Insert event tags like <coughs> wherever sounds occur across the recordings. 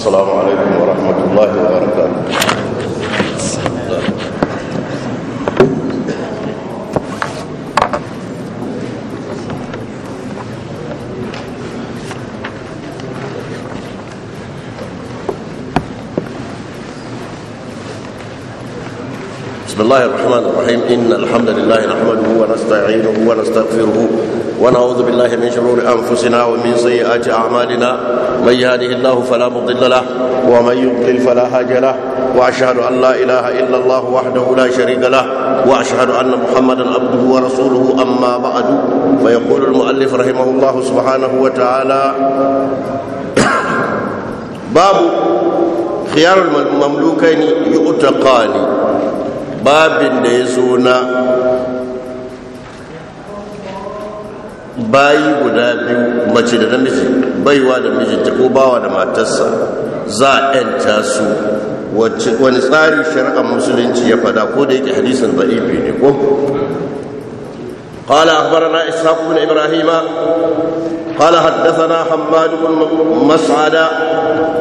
السلام عليكم ورحمة الله وبركاته بسم الله الرحمن الرحيم إن الحمد لله نحمده ونستعينه ونستغفره ونعوذ بالله من شرور أنفسنا ومن سيئات أعمالنا من يهده الله فلا مضل له ومن يضلل فلا هادي له واشهد ان لا اله الا الله وحده لا شريك له واشهد ان محمدا عبده ورسوله اما بعد فيقول المؤلف رحمه الله سبحانه وتعالى باب خيار المملوكين يؤتقان babin da ya zo na bayi guda biyu mace da namiji baiwa da mijinta ko bawa da matarsa za a yanta su wani tsarin shari'ar musulunci ya fada ko da yake hadisin da'ifi ne ko قال أخبرنا إسحاق بن إبراهيم قال حدثنا حماد بن مسعد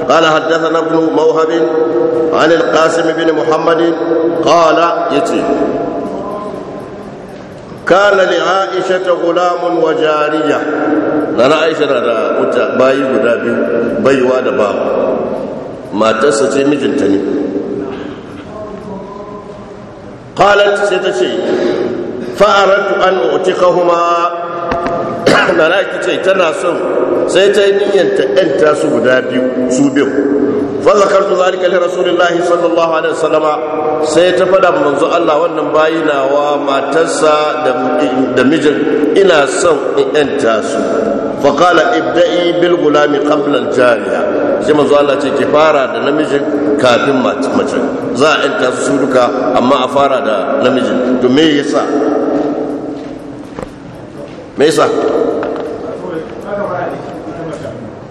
قال حدثنا ابن موهب عن القاسم بن محمد قال يتي كان لعائشة غلام وجارية nana aisha na da wuta bayi guda biyu baiwa da bawa matarsa ce mijinta ne qalat sai ta ce fa'aratu an utikahuma <coughs> nana ki ce tana son sai ta yi niyyar ta yanta su guda biyu su biyu fa zakartu zalika li rasulillahi sallallahu alaihi wasallama sai ta fada manzo Allah wannan bayinawa matarsa da mijin ina son in yanta su faƙala ibda'i bil gulami qabla jariya sai manzo Allah ce ki fara da namijin kafin mace za a yanta su duka amma a fara da namijin to me yasa me yasa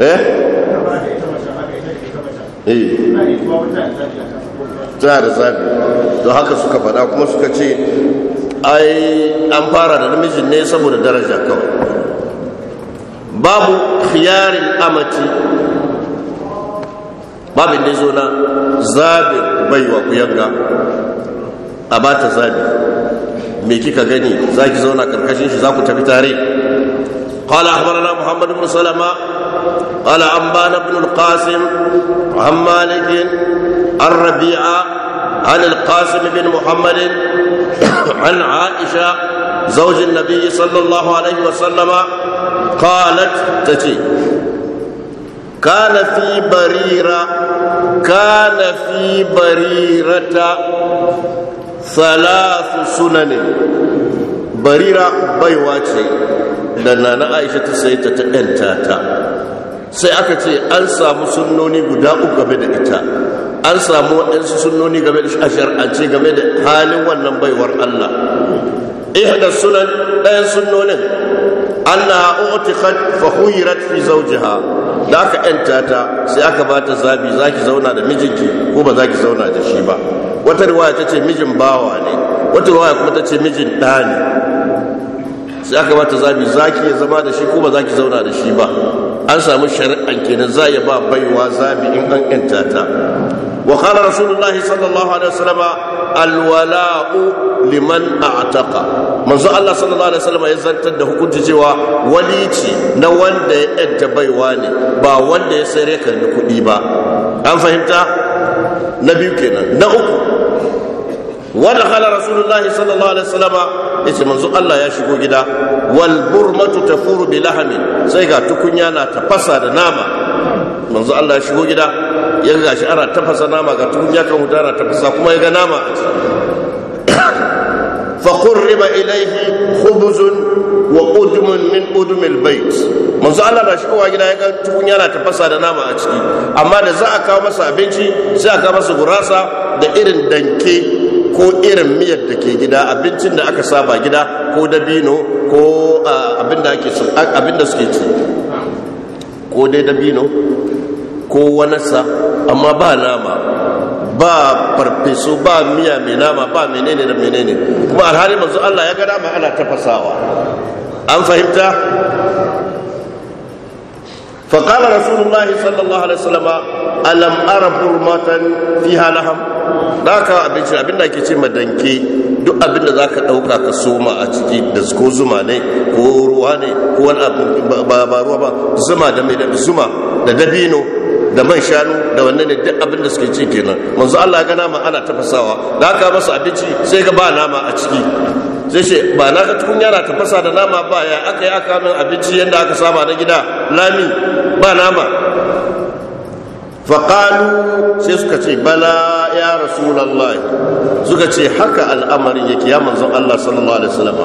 eh eh tana da zabi don haka suka faɗa kuma suka ce ai an fara da namijin ne saboda daraja kawai babu khiyarin babu babin da zo na zabin baiwa ku yanga a ba ta zabi me kika gani za ki zauna karkashin shi za ku tafi tare قال أخبرنا محمد بن سلمة قال أنبانا بن القاسم عن مالك عن ربيعة عن القاسم بن محمد عن عائشة زوج النبي صلى الله عليه وسلم قالت تتي كان في بريرة كان في بريرة ثلاث سنن بريرة بيواتي لأننا نعيشة سيدة أنتاتا sai aka ce an samu sunnoni guda uku game da ita an samu waɗansu sunnoni game da shari'ance game da halin wannan baiwar Allah ihda sunan ɗayan sunnonin a utiqat fa khuyirat fi zawjiha da aka yanta ta sai aka ba ta zabi za ki zauna da mijinki ko ba za ki zauna da shi ba wata riwaya ta ce mijin bawa ne wata riwaya kuma ta ce mijin ɗa ne sai aka ba ta zabi ki zama da shi ko ba za ki zauna da shi ba an samu shari'an kenan za ya ba baiwa zabi in an yanta ta وقال رسول الله صلى الله عليه وسلم الولاء liman a'taqa manzo Allah sallallahu alaihi wasallam ya zantar da hukunci cewa walici na wanda ya baiwa ne ba wanda ya sayar kan da kuɗi ba an fahimta na biyu kenan na uku wanda khala rasulullah sallallahu alaihi manzo Allah ya shigo gida wal burmatu tafuru bi lahamin sai ga tukunya na tafasa da nama manzo Allah ya shigo gida ya shi ana tafasa nama ga tukunya kan wuta ana tafasa kuma ya ga nama a ciki. riba ilaihi hubuzun wa وأدم min أدم البيت manzo Allah da shi kowa gida ya ga tun yana tafasa da nama a ciki amma da za a kawo masa abinci sai a kawo masa gurasa da irin danke ko irin miyar da ke gida abincin da aka saba gida ko dabino ko abin da suke ci ko dai dabino ko wanasa amma ba nama ba farfesu ba miya mai nama ba menene da menene kuma alhali manzo Allah ya gada ma ana tafasawa an fahimta فقال رسول الله صلى الله عليه وسلم ألم أرى برمة فيها لحم abinci abin da ce madanke duk abin da zaka dauka ka soma a ciki da ko zuma ne ko ruwa ne ko wani abu ba ruwa ba zuma da mai da zuma da dabino da man shanu da wannan ne duk abin da suke ci kenan manzo Allah ga nama ana tafasawa da ka masa abinci sai ga ba nama a ciki sai ce ba na ka tukun yana tafasa da nama ba ya aka yi aka min abinci yadda aka saba na gida lami ba nama faƙalu sai suka ce bala ya rasulallah suka ce haka al'amarin yake ya zan Allah sallallahu alaihi wasallam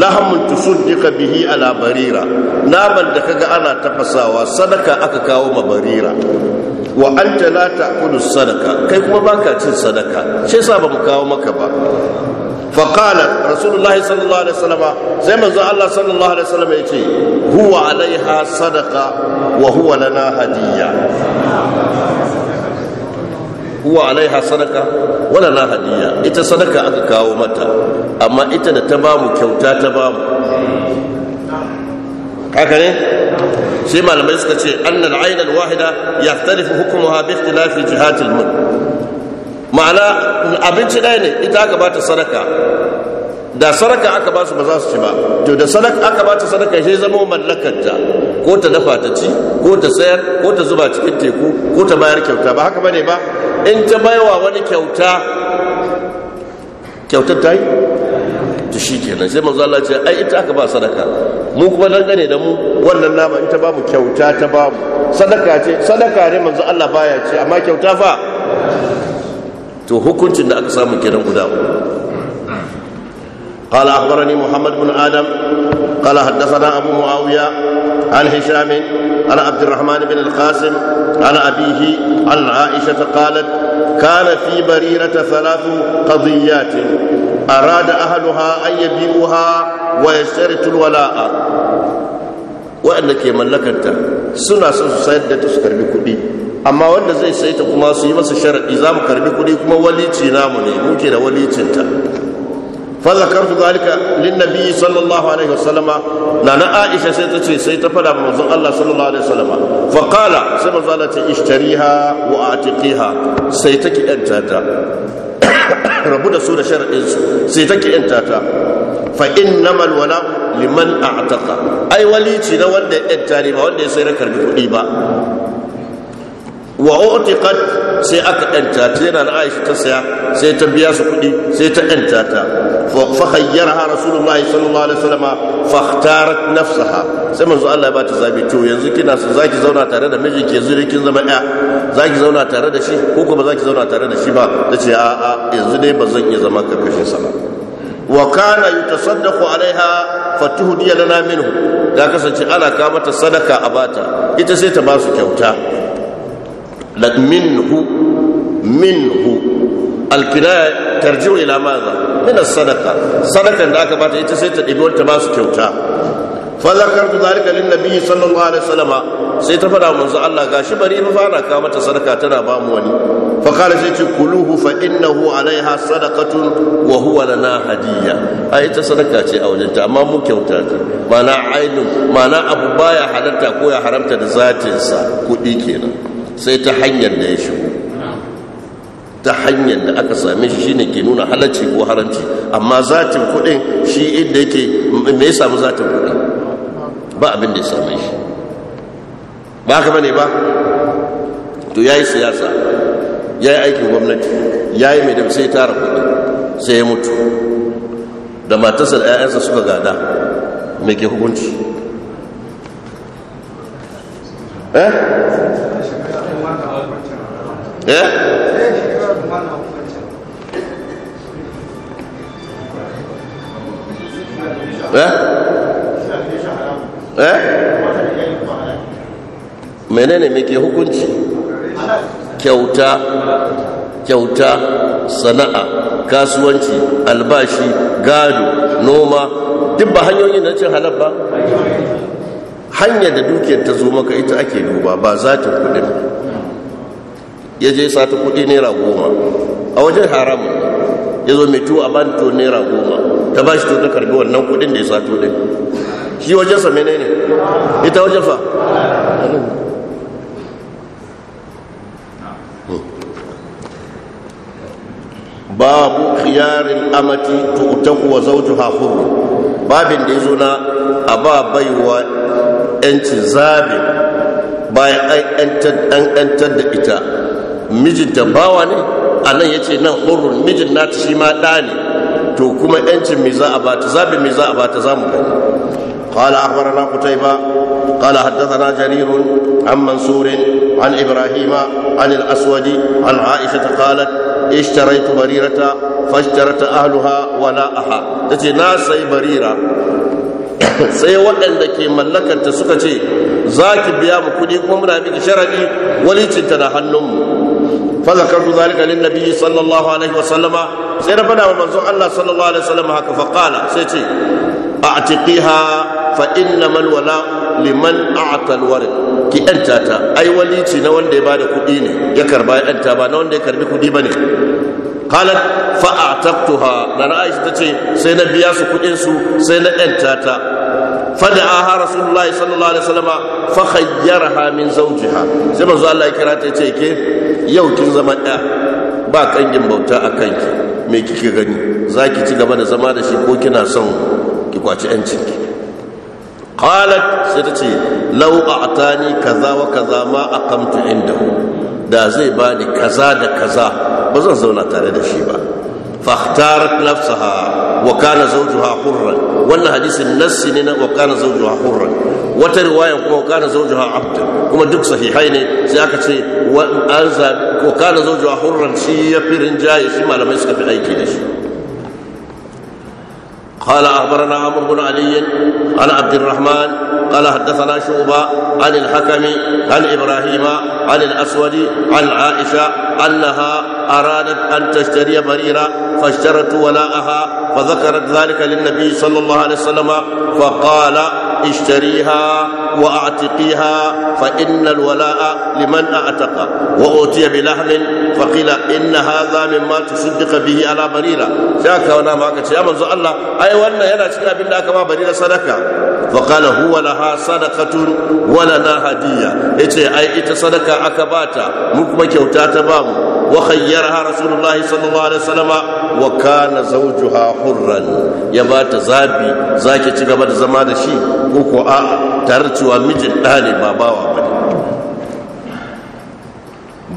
lahamun duka bihi ala barira naman da kaga ana tafasawa sadaka aka kawo ma barira wa an talata kudu sadaka kai kuma baka cin sadaka sai sa ba mu kawo maka ba فقال رسول الله صلى الله عليه وسلم Allah SallAllahu alaihi صلى الله عليه وسلم يقول هو عليها صدقه وهو لنا هديه huwa alaiha sadaka wala na hadiya ita sadaka aka kawo mata amma ita da ta bamu kyauta ta bamu haka ne sai malamai suka ce annal ainal wahida yahtalifu hukmuha bi ikhtilafi jihatil mulk ma'ana abinci ɗaya ne ita aka bata sadaka da sadaka aka ba su ba za su ci ba to da sadaka aka bata sadaka sai zama mallakarta ko ta dafa ta ci ko ta sayar ko ta zuba cikin teku ko ta bayar kyauta ba haka bane ba in ta baiwa wani kyauta kyautar ta yi ta shi kenan sai manzo Allah ce ai ita aka ba sadaka mu kuma dangane da mu wannan nama in ta babu kyauta ta babu sadaka ce sadaka ne manzo Allah baya ce amma kyauta fa to hukuncin da aka samu kenan guda قال أخبرني محمد بن آدم قال حدثنا أبو معاوية عن هشام عن عبد الرحمن بن القاسم عن أبيه عن عائشة قالت كان في بريرة ثلاث قضيات أراد أهلها أن يبيعوها ويشترط الولاء وأن كي ملكت سنة سيدة سكربي كدي amma wanda zai sai ta kuma su yi masa sharaɗi za mu karbi kuɗi kuma walici namu ne muke da walicinta fazakartu zalika linnabi sallallahu alaihi wasallama na na aisha sai ta ce sai ta fada ma Allah sallallahu alaihi wasallama fa qala sai manzon Allah ce ishtariha wa atiqiha sai ta ki danta ta rabu da su da sai ta ki danta ta fa innamal wala liman a'taqa ai wali ci na wanda ya danta ne ba wanda ya sai na karbi kuɗi ba wa utiqat sai aka danta ta yana na aisha ta saya sai ta biya su kuɗi sai ta danta ta فخيرها رسول الله صلى الله عليه وسلم فاختارت نفسها sai manzo Allah ya bata zabi to yanzu kina so zaki zauna tare da mijinki yanzu dai kin zama ya zaki zauna tare da shi ko kuma zaki zauna tare da shi ba tace a a yanzu dai ba zan iya zama karkashin sa ba wa kana yutasaddaqu alaiha fatuhdiya lana minhu da kasance ana ka mata sadaka a bata ita sai ta ba su kyauta lak minhu minhu alkinaya tarji'u ila maza. min sadaka sadakan da aka bata ita sai ta ɗibi wata ba su kyauta fa zakartu zalika lin nabi sallallahu alaihi wasallama sai ta fada manzo Allah gashi bari mu fara ka mata sadaka tana ba mu wani fa qala sai ce kuluhu fa innahu alaiha sadaqatun wa huwa lana hadiyya ai ita sadaka ce a wajenta amma mu kyauta ta. mana ainu mana abu baya halarta ko ya haramta da zatin sa kudi kenan sai ta hanyar da ya shigo ta hanyar da aka same shi shine ke nuna halacci ko haramci amma zatin kudin shi inda yake me ya samu zatin kudin ba abin da ya same shi ba ka bane ba to yayi siyasa yayi aikin gwamnati yayi mai da sai tara kudi sai ya mutu da matarsa da ƴaƴansa suka gada me ke hukunci eh eh eh eh menene mai ke hukunci kyauta kyauta sana'a kasuwanci albashi gado noma duk ba hanyoyin na cin halabba ba hanyar da dukiyar ta zo maka ita ake duba ba ta kudin ya je sata kudi naira goma a wajen haramun ya zo mai tuwa ban to naira goma ta ba shi to ta karbi wannan kudin da ya sato din shi wajen sa menene ita wajen fa babu khiyarin amati taku wa zawjuha hurr babin da yazo na aba baiwa yanci zabi bayan an yantar da ita mijinta bawa ne a nan ya ce nan hurrun mijin na shi ma ɗa ne to kuma yancin mai za a ba ta zaɓin mai za a ba ta za mu gani ƙala akwara na kutai ba ƙala haddasa na jaririn an mansurin an ibrahima an Aswadi, an aisha ta ƙala ishtaraitu barirata fashtarata ahluha wala aha ta ce na sai barira sai waɗanda ke mallakarta suka ce za ki biya mu kuɗi kuma muna miki sharaɗi walicinta da hannunmu fa zakartu zalika lin nabiyyi sallallahu alaihi wa sallama sai na faɗa wa manzon Allah sallallahu alaihi wasallam haka fa qala sai ce a'tiqiha fa innamal wala liman a'ta alwarid ki yanta ta ai walici na wanda ya bada kuɗi ne ya karba ya yanta ba na wanda ya karbi kuɗi bane qalat fa a'taqtuha na ra'ayi ta ce sai na biya su kuɗin su sai na yanta ta فدعاها رسول الله صلى الله عليه وسلم فخيرها من زوجها sai manzo Allah ya kira ta ce ke yau kin zama ɗa ba kangin bauta a kanki Mai kika gani za ki ci gaba da zama da shi ko kina son ki kwaci yancinki qalat sai ta ce ta a'tani kaza wa kaza ma aqamtu inda da zai bani kaza da kaza ba zan zauna tare da shi ba fahtarat nafsaha wa kana zawjuha hurran wannan hadisin nassi ne na wa kana zawjuha wata riwaya kuma kana zawjuha abd kuma duk sahihai ne sai aka ce wa an za ko kana zawjuha hurran shi ya firin jayi shi malamai suka fi aiki da shi قال اخبرنا عمرو بن علي عن عبد الرحمن قال حدثنا شعبه عن الحكم عن ابراهيم عن الاسود عن عائشه انها ارادت ان تشتري بريرا فاشترت ولاءها فذكرت ذلك للنبي صلى الله عليه وسلم فقال اشتريها واعتقيها فان الولاء لمن اعتق واوتي بلحم فقيل ان هذا مما تصدق به على بريره شاك وانا ما كتش يا منزو الله اي وانا يلا cikin abin da aka ba barira sadaka فقال هو لها صدقه ولنا هديه yace ai ita sadaka aka bata mu kuma kyauta ta bamu وخيرها رسول الله صلى الله عليه وسلم وكان زوجها حرا يبات زابي زاكي تجب زمان شيء كوكو آ ترتوى مجل أهل بابا وبني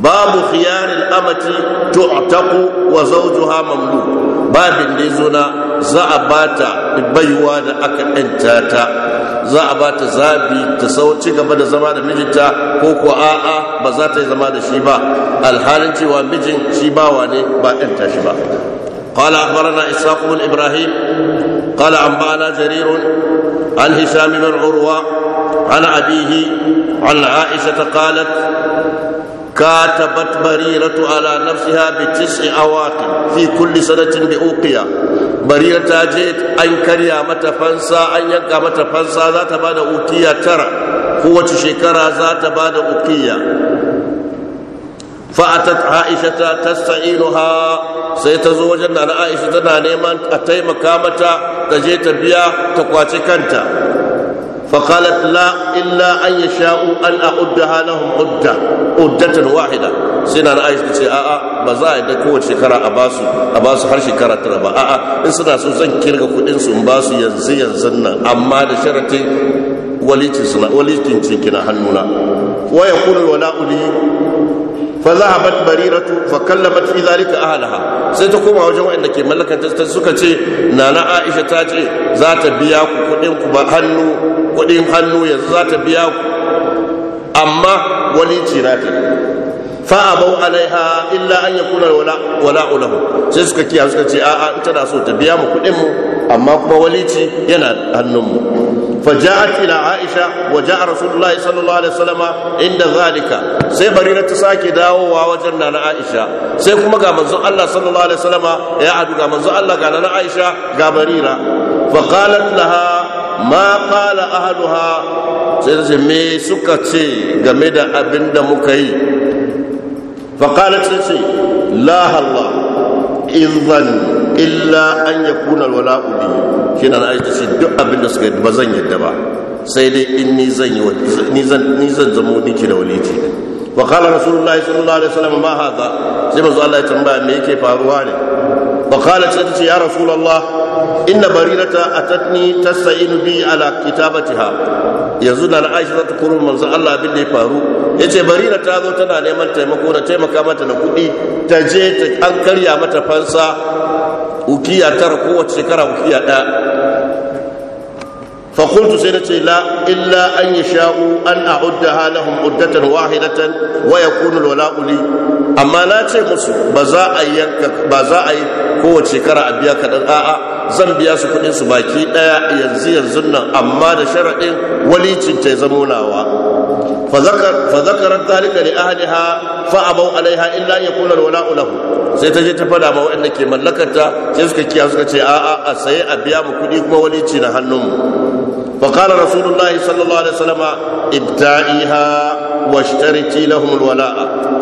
باب خيار الأمة تعتق وزوجها مملوك باب اللي زنا za a bata baiwa da aka ‘yanta ta za a ba ta zabi ta sau ci gaba da zama da mijinta ko ko a'a ba za ta yi zama da shi ba alhalin cewa mijin shi bawa ne ba ta shi ba قال أخبرنا إسحاق بن إبراهيم قال أنبأنا جرير عن هشام بن عروة عن أبيه عن عائشة قالت كاتبت بريرة على نفسها بتسع أواقب في كل سنة بأوقية bariya ta je an karya mata fansa an yanka mata fansa za ta bada ukiya tara kowace shekara za ta bada ukiya fa'atat aisha ta tasta'inuha sai ta zo wajen na aisha tana neman a taimaka mata ta je ta biya ta kwace kanta فقالت لا إلا أن يشاءوا أن أعدها لهم عدة عدة واحدة سنة عائشة تسي آآ آآ بزايد كوة شكرا أباسو أباسو هر شكرا تربا آآ آآ إن سنة سوزن كيرغا كودين سنباسو ينزي ينزلنا أما لشرتي وليتن سنة وليتن سنكنا حنونا ويقول الولاء لي fa zahabat ratu fa kallamat fi zalika ahlaha sai ta koma wajen wanda ke mallakan ta suka ce nana Aisha ta ce za ta biya ku kudin ku ba hannu kudin hannu yanzu za ta biya ku amma wani ce ta fa abau alaiha illa an yakuna wala wala ulahu sai suka kiya suka ce a'a ita da so ta biya mu kudin mu amma kuma walici yana hannun mu fa ja'at ila aisha wa ja'a rasulullahi sallallahu alaihi wasallama inda zalika sai barira ta sake dawowa wajen nana aisha sai kuma ga manzon Allah sallallahu alaihi wasallama ya adu ga manzon Allah ga nana aisha ga barira fa qalat laha ma qala ahluha sai ta ce me suka ce game da abin da muka yi فقالت سيسي لا الله إذن إلا أن يكون الولاء لي شنا رأي تسي دعا بالنسبة بزن يدبا سيدي إني زن نزن نزن زموني كنا وليتي فقال رسول الله صلى الله عليه وسلم ما هذا سيما زال الله تنبأ ميكي فارواني فقالت سيدي يا رسول الله إن بريرة أتتني تستعين بي على كتابتها yanzu da na'ashi za ta kuro manzan allah abin da ya faru ya ce bari na ta zo tana neman taimako da taimaka mata da kuɗi ta je ta an karya mata fansa ukiya tara kowace shekara ukiya ɗaya fakultu sai na ce la illa an yi sha'u an a udda halahun uddatan wahidatan waya kuna lola uli amma na ce musu ba za a yi kowace shekara a biya kaɗan a'a zan biya su kudin su baki daya yanzu yanzu nan amma da sharaɗin walicin ta zamo nawa fa zakar fa zakarat zalika li ahliha fa abaw alaiha illa yakuna alwala'u lahu sai ta je ta fada ma wanda ke mallakarta sai suka kiya suka ce a a a sai a biya mu kudi kuma walici na hannun mu fa qala rasulullahi sallallahu alaihi wasallam ibta'iha واشترطي لهم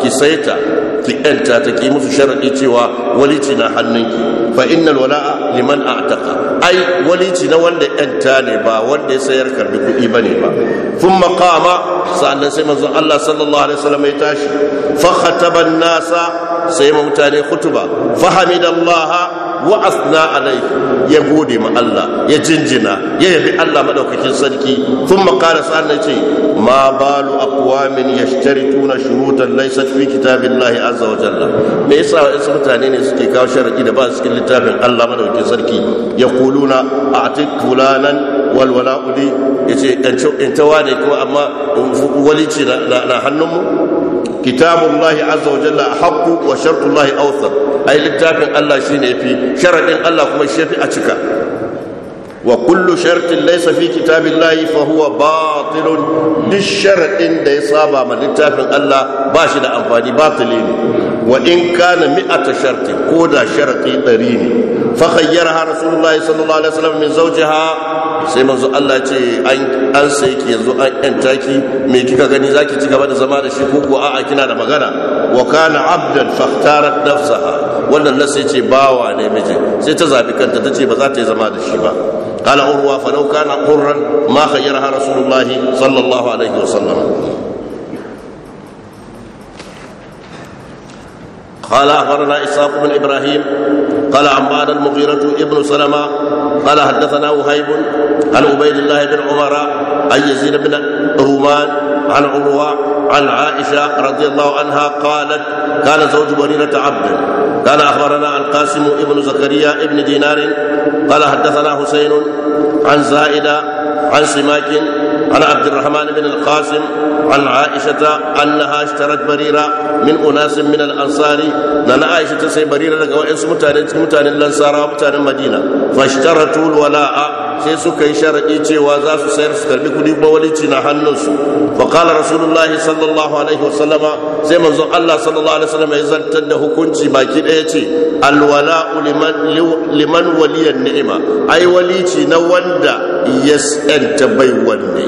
ki saita. ki yanta ta ki musu sharaɗi cewa walici na hannunki fa innal wala'a liman a'taqa ai walici na wanda yanta ne ba wanda ya sayar karbi kuɗi ne ba thumma qama sa'annan sai manzon Allah sallallahu alaihi wasallam ya tashi fa khataba nasa sai mutane kutuba, fa hamidallaha wa asna alai ya gode ma Allah ya jinjina ya yabi Allah madaukakin sarki thumma qala sa'an ce ma balu aqwamin yashtarituna shurutan laysat fi kitabillahi azza wa jalla me yasa wasu mutane ne suke kawo sharadi da ba su cikin littafin Allah madaukakin sarki yaquluna a'tik fulanan wal wala'u li yace in tawa wane ko amma walici na hannunmu كتاب الله عز وجل wa وشرط الله أوثق ai littafin Allah ne fi sharaɗin Allah kuma shi yafi a cika wa kullu shartin laysa fi layi fahuwa huwa batilun duk sharadin da ya saba ma littafin Allah ba shi da amfani batili ne wa in kana mi'ata sharti ko da sharaɗi ɗari ne fa ha rasulullahi sallallahu alaihi wasallam min zawjiha sai manzo Allah ce an sai ki yanzu an yanta ki me kika gani zaki ci gaba da zama da shi ko ko a'a kina da magana wa kana abdan fakhtarat nafsaha wannan nan sai ce bawa ne miji sai ta zabi kanta ta ce ba za ta yi zama da shi ba qala urwa fa law kana qurran ma khayyaraha rasulullahi sallallahu alaihi wasallam قال أخبرنا إسحاق بن إبراهيم قال عمار المغيرة ابن سلمة قال حدثنا وهيب عن عبيد الله بن عمر عن يزيد بن رومان عن عروة عن عائشة رضي الله عنها قالت كان زوج بريرة عبد كان أخبرنا القاسم ابن زكريا ابن دينار قال حدثنا حسين عن زائدة عن سماك عن عبد الرحمن بن القاسم عن عائشة أنها اشترت بريرة من أناس من الأنصار لأن عائشة سي بريرة لك وإنس متان متان الأنصار ومتان المدينة فاشترتوا الولاء sai suka yi sharadi cewa za su sayar su karbi kudi mawalici na hannunsu fa qala rasulullahi sallallahu alaihi wasallama sai manzon Allah sallallahu alaihi wasallama ya zartar da hukunci baki daya ce alwala'u liman liman waliyan ni'ima ai walici na wanda yas'alta bai wanne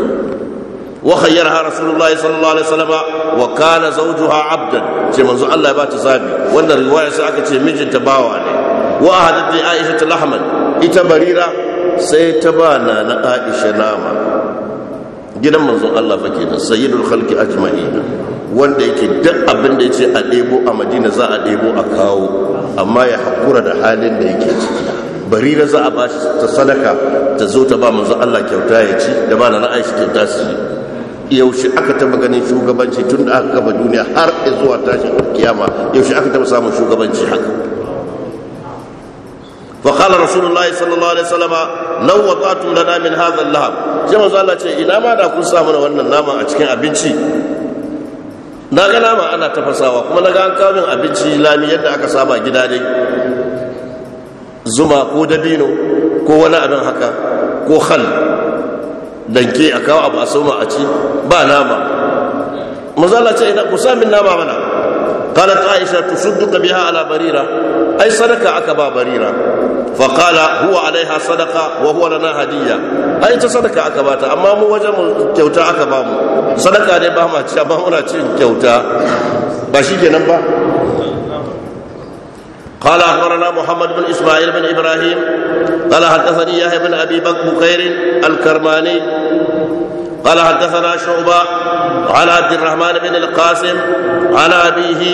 wa khayyaraha rasulullahi sallallahu alaihi wasallama wa kana zawjuha abdan ce manzon Allah ya bata zabi wannan riwaya sai aka ce mijinta bawa ne wa ahadat li ta lahman ita barira sai ta ba na na aisha nama gidan manzon Allah fa da sayyidul khalqi ajma'in wanda yake duk abin da yace a ɗebo a Madina za a ɗebo a kawo amma ya hakura da halin da yake ciki bari za a ba shi ta sadaka ta zo ta ba manzon Allah kyauta ya ci da ba na Aisha kyauta su yaushe aka taba ganin shugabanci tun da aka gaba duniya har zuwa tashin kiyama yaushe aka taba samun shugabanci haka فقال رسول الله صلى الله عليه وسلم لو وضعتم لنا من هذا اللحم sai manzo Allah ce ina ma da kun sa mana wannan naman a cikin abinci na ga nama ana tafasawa kuma na ga an kawo min abinci lami yadda aka saba gida dai zuma ko dabino ko wani abin haka ko hal danke a kawo abu a soma a ci ba nama manzo ce ina ku sa min nama mana قالت عائشة تصدق ala barira. Ai sadaka aka ba barira. faƙala huwa alaiha sadaka wa huwa lana hadiyya a ita sadaka aka bata amma mu wajen mu kyauta aka ba sadaka ne ba ma ci amma muna ci kyauta ba shi kenan ba Muhammad أخبرنا محمد بن إسماعيل بن إبراهيم قال حدثني يحيى بن أبي بكر الكرماني قال حدثنا شعبة على عبد الرحمن بن القاسم على أبيه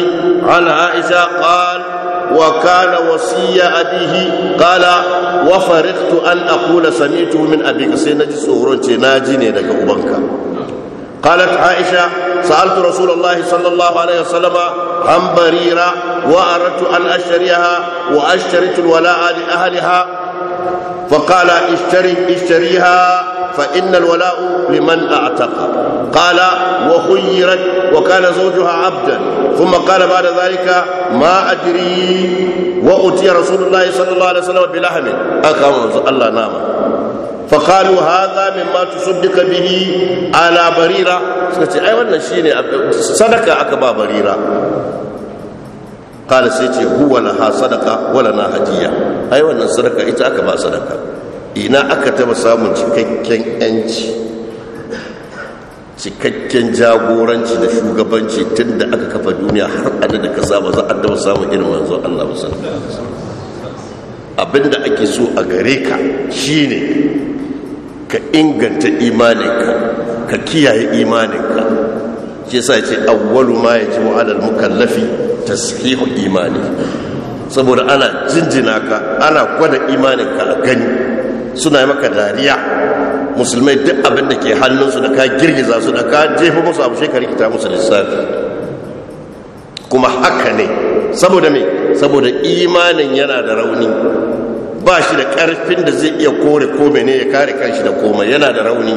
عن عائشة قال وكان وصي أبيه قال وفرقت أن أقول سميته من أبيك سينجي سهرون ناجيني لك أبنك قالت عائشة سألت رسول الله صلى الله عليه وسلم عن بريرة وأردت أن أشتريها وأشتريت الولاء لأهلها فقال اشتري اشتريها فإن الولاء لمن أعتق قال وخيرت وكان زوجها عبدا ثم قال بعد ذلك ما أدري وأتي رسول الله صلى الله عليه وسلم بلحم أكرم الله نام فقالوا هذا مما تصدق به على بريرة أي وانا شيني صدقة أكبا بريرة قال سيتي هو لها صدقة ولنا هدية أي وانا صدقة إتا أكبا صدقة ina aka taba samun cikakken yanci cikakken jagoranci da shugabanci tun da aka kafa duniya har adada da ka ba za a taba samun irin manzo Allah musa abinda ake so a gare ka shine ka inganta imaninka ka kiyaye imaninka ke sa ce awwalu ma ya ji wa'adar mukallafi tashihu imani saboda ana jinjina ka ana gwada imaninka a gani suna maka dariya musulmai duk abin da ke hannunsu da ka girgiza su da ka jefa musu abu shekari kita musu lissafi kuma haka ne saboda me saboda imanin yana da rauni ba shi da karfin da zai iya kore ko ne ya kare kanshi da komai yana da rauni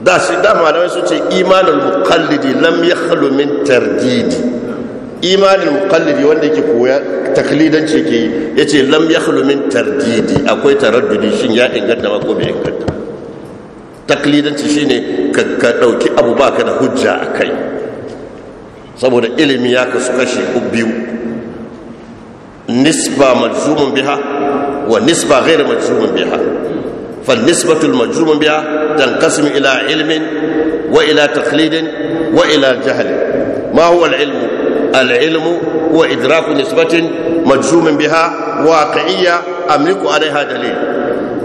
da shi da su ce imanin muqallidi lam yakhlu min tardidi imanin mukallabi wanda yake koya taklidanci ke yi ya ce lam ya min tardidi akwai taraddudi shin ya inganta ma ko bai inganta taklidanci shine ka ɗauki abu ba ka da hujja a kai saboda ilimi ya kasu kashe biyu nisba majzumun biha wa nisba ghairu majzumun biha فالنسبة المجزوم بها تنقسم إلى علم وإلى تقليد وإلى جهل ما هو العلم العلم هو إدراك نسبة مجزوم بها واقعية أملك عليها دليل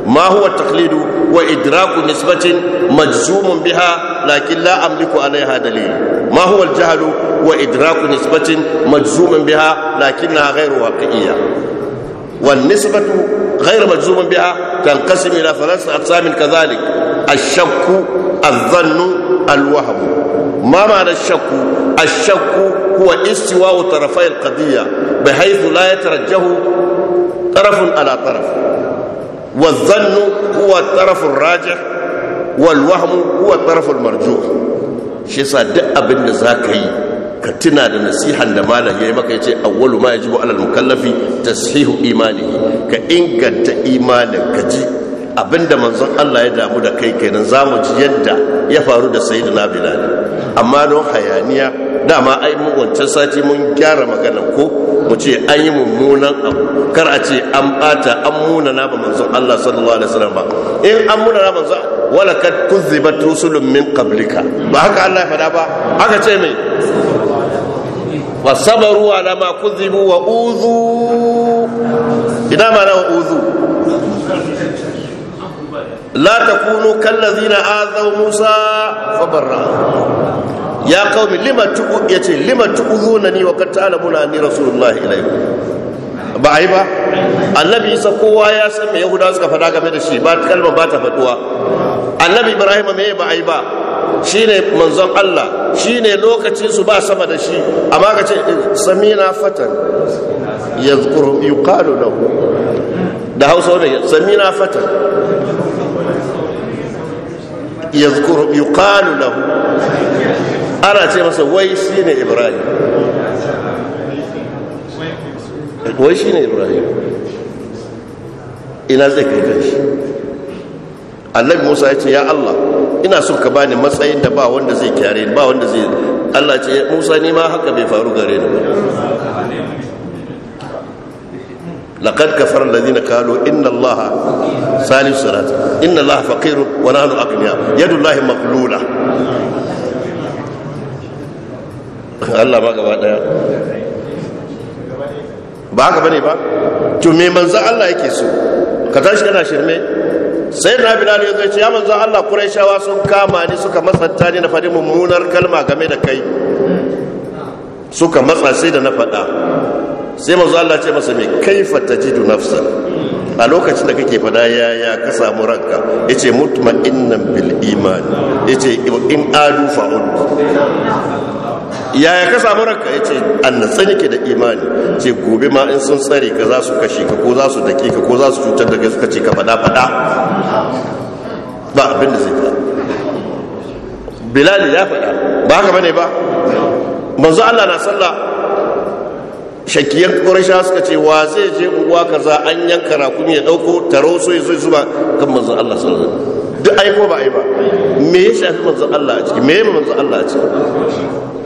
ما هو التقليد وإدراك نسبة مجزوم بها لكن لا أملك عليها دليل ما هو الجهل وإدراك نسبة مجزوم بها لكنها غير واقعية والنسبة غير مجزوم بها تنقسم إلى ثلاثة أقسام كذلك الشك الظن الوهم ما معنى الشك الشك هو bai طرفي القضية بحيث لا يترجه طرف على طرف والظن هو الطرف الراجح والوهم هو الطرف المرجوح shi sa duk abinda da za ka yi ka tuna da nasihan da malam ya yi maka ya ce awwalu ma yajibu alal mukallafi tashihu imanihi ka inganta imanin ka ji abinda manzon Allah ya damu da kai kenan zamu ji yadda ya faru da sayyidina bilal amma don hayaniya dama ai mun wancan sati mun gyara magana ko mu ce an yi mummunan abu kar a ce an bata an munana ba manzon Allah sallallahu alaihi wasallam ba in an munana manzon wala kad kuzibat rusulun min qablika ba haka Allah ya fada ba aka ce mai wasabaru ala ma kuzibu wa uzu ina ma na uzu la takunu kallazina azaw musa fabarra ya ce lima tuku yace lima tu'udhunani wa qad muna ni rasulullahi ilai ba a yi ba annabi isa kowa ya san me yahuda suka faɗa game da shi ba kalma ba ta faduwa annabi ibrahim me ba a yi ba Shi ne manzon Allah ne lokacin su ba sama da shi amma ka ce samina fatan zukuru yi lahu da hausa ne samina fatan yadhkuru da lahu ana ce masa wai shi ne ibrahim wai shi ne ibrahim ina zai kai kanshi. shi annabi musa ya ce ya allah ina son ka bani matsayin da ba wanda zai kyare ni ba wanda zai allah ce musa ni ma haka bai faru gare ni ba لقد كفر الذين قالوا إن الله ثالث ثلاثة إن الله فقير ونحن أغنياء يد الله مغلولة Allah ba gaba daya ba haka bane ba to me manzo Allah yake so ka tashi kana shirme sai na bilal ya zai ce ya manzo Allah quraishawa sun kama ni suka ta ni na mun mummunar kalma game da kai suka matsa sai da na faɗa sai manzo Allah ce masa me kaifa du nafsa a lokacin da kake fada ya ya ka samu ranka yace mutma'innan bil iman yace in adu fa'ud yaya ka samu ranka ya ce annatsa nake da imani ce gobe ma in sun tsare ka za su kashe ka ko za su dake ka ko za su cutar da kai suka ce ka fada fada ba abin da zai faru bilal ya fada ba haka bane ba manzo Allah na sallah shakiyar ƙuraisha suka ce wa zai je ka kaza an yanka rakumi ya ɗauko taro so ya zai zuba kan manzo Allah sallallahu alaihi wasallam duk aiko ko ba ai ba me ya shafi manzo Allah a ciki me ya manzo Allah a ciki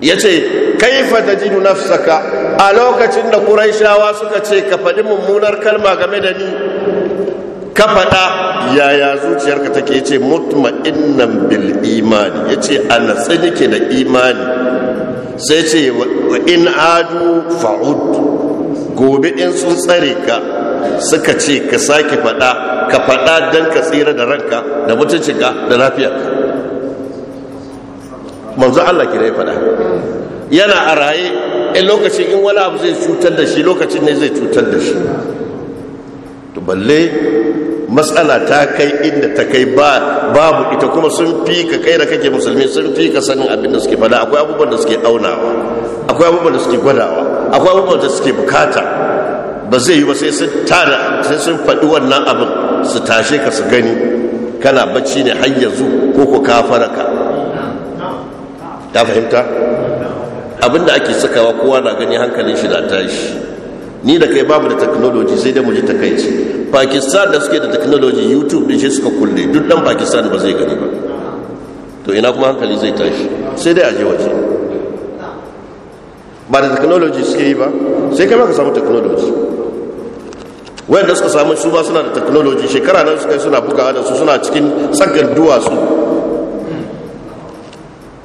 Ya yace kaifa na nafsaka a lokacin da quraishawa suka ce ka faɗi mummunar kalma game da ni ka faɗa yaya zuciyarka take ce mutuma innan bil imani yace a natsi nake da imani sai ce wa in adu fa'ud gobe in sun tsare ka suka ce ka sake faɗa ka faɗa don ka tsira da ranka da mutuncinka da lafiyarka manzo Allah ki rai fada yana a raye in lokacin in wani abu zai cutar da shi lokacin ne zai cutar da shi to balle matsala ta kai inda ta kai babu ita kuma sun fi ka kai da kake musulmi sun fi ka sanin abin da suke fada akwai abubuwan da suke aunawa akwai abubuwan da suke gwadawa akwai abubuwan da suke bukata ba zai yi ba sai sun tara sai sun faɗi wannan abin su tashe ka su gani kana bacci ne har yanzu ko ku kafaraka ta fahimta abinda ake sakawa kowa na gani hankalin shi na tashi ni da kai babu da technology sai dai mu ji takaici pakistan da suke da technology youtube din shi suka kulle duk dan pakistan ba zai gani ba to ina kuma hankali zai tashi sai dai a je waje ba da technology suke yi ba sai kai ka samu technology wayanda suka samu su ba suna da technology shekara nan suka yi suna bugawa da su suna cikin tsakar duwatsu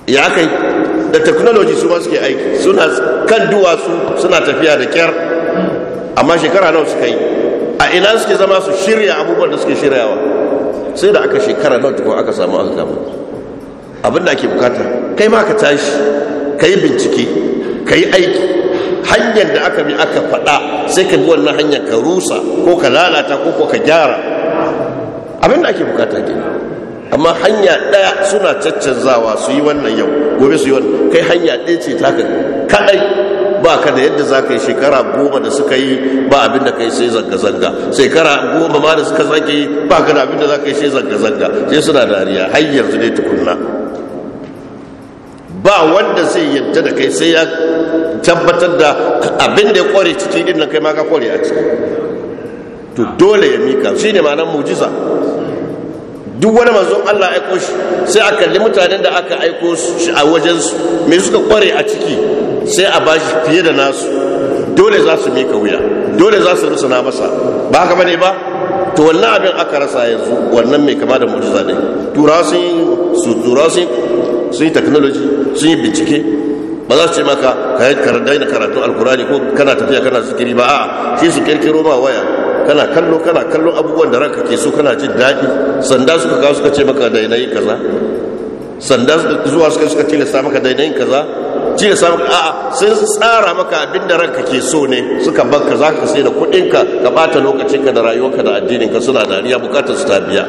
ya kai da technology su ma suke aiki suna kan duwatsu suna tafiya da kyar amma shekara nawa suka yi a ina suke zama su shirya abubuwan da suke shiryawa sai da aka shekara nawa tukun aka samu aka kama abinda ake bukata kai ma ka tashi ka yi bincike ka yi aiki hanyar da aka bi aka faɗa sai ka bi wannan hanyar ka rusa ko ka lalata ko ka gyara abinda ake bukata kenan amma hanya ɗaya suna caccanzawa su yi wannan yau gobe su yi wannan kai hanya ɗaya ce ta kai kaɗai ba ka da yadda za ka yi shekara goma da suka yi ba abin da ka yi sai zanga-zanga shekara goma ma da suka zage yi ba ka da abin da za ka yi sai zanga-zanga sai suna dariya har yanzu ne tukunna ba wanda zai yadda da kai sai ya tabbatar da abin da ya kware ciki din na kai ma ka kware a ciki to dole ya mika shine ma'anar mujiza duk wani manzon Allah aiko shi sai a kalli mutanen da aka aiko shi a wajen su, mai suka kware a ciki sai a bashi fiye da nasu dole za su mika wuya dole za su na masa ba haka bane ba to wannan abin aka rasa yanzu wannan mai kama da mu'jiza ne tura sun yi su tura sun sun yi technology sun yi bincike ba za su ce maka ka yi karatun alkurani ko kana tafiya kana zikiri ba a shi su kirkiro ma waya kana kallo kana kallo abubuwan da ranka ke so kana jin daɗi sanda suka kawo suka ce maka dainayin kaza sanda zuwa suka suka tilasta maka dainayin kaza tilasta maka a'a sun tsara maka abin da ranka ke so ne suka banka za ka sai da kuɗinka ka ɓata ka da rayuwarka da addininka suna dariya bukatar su ta biya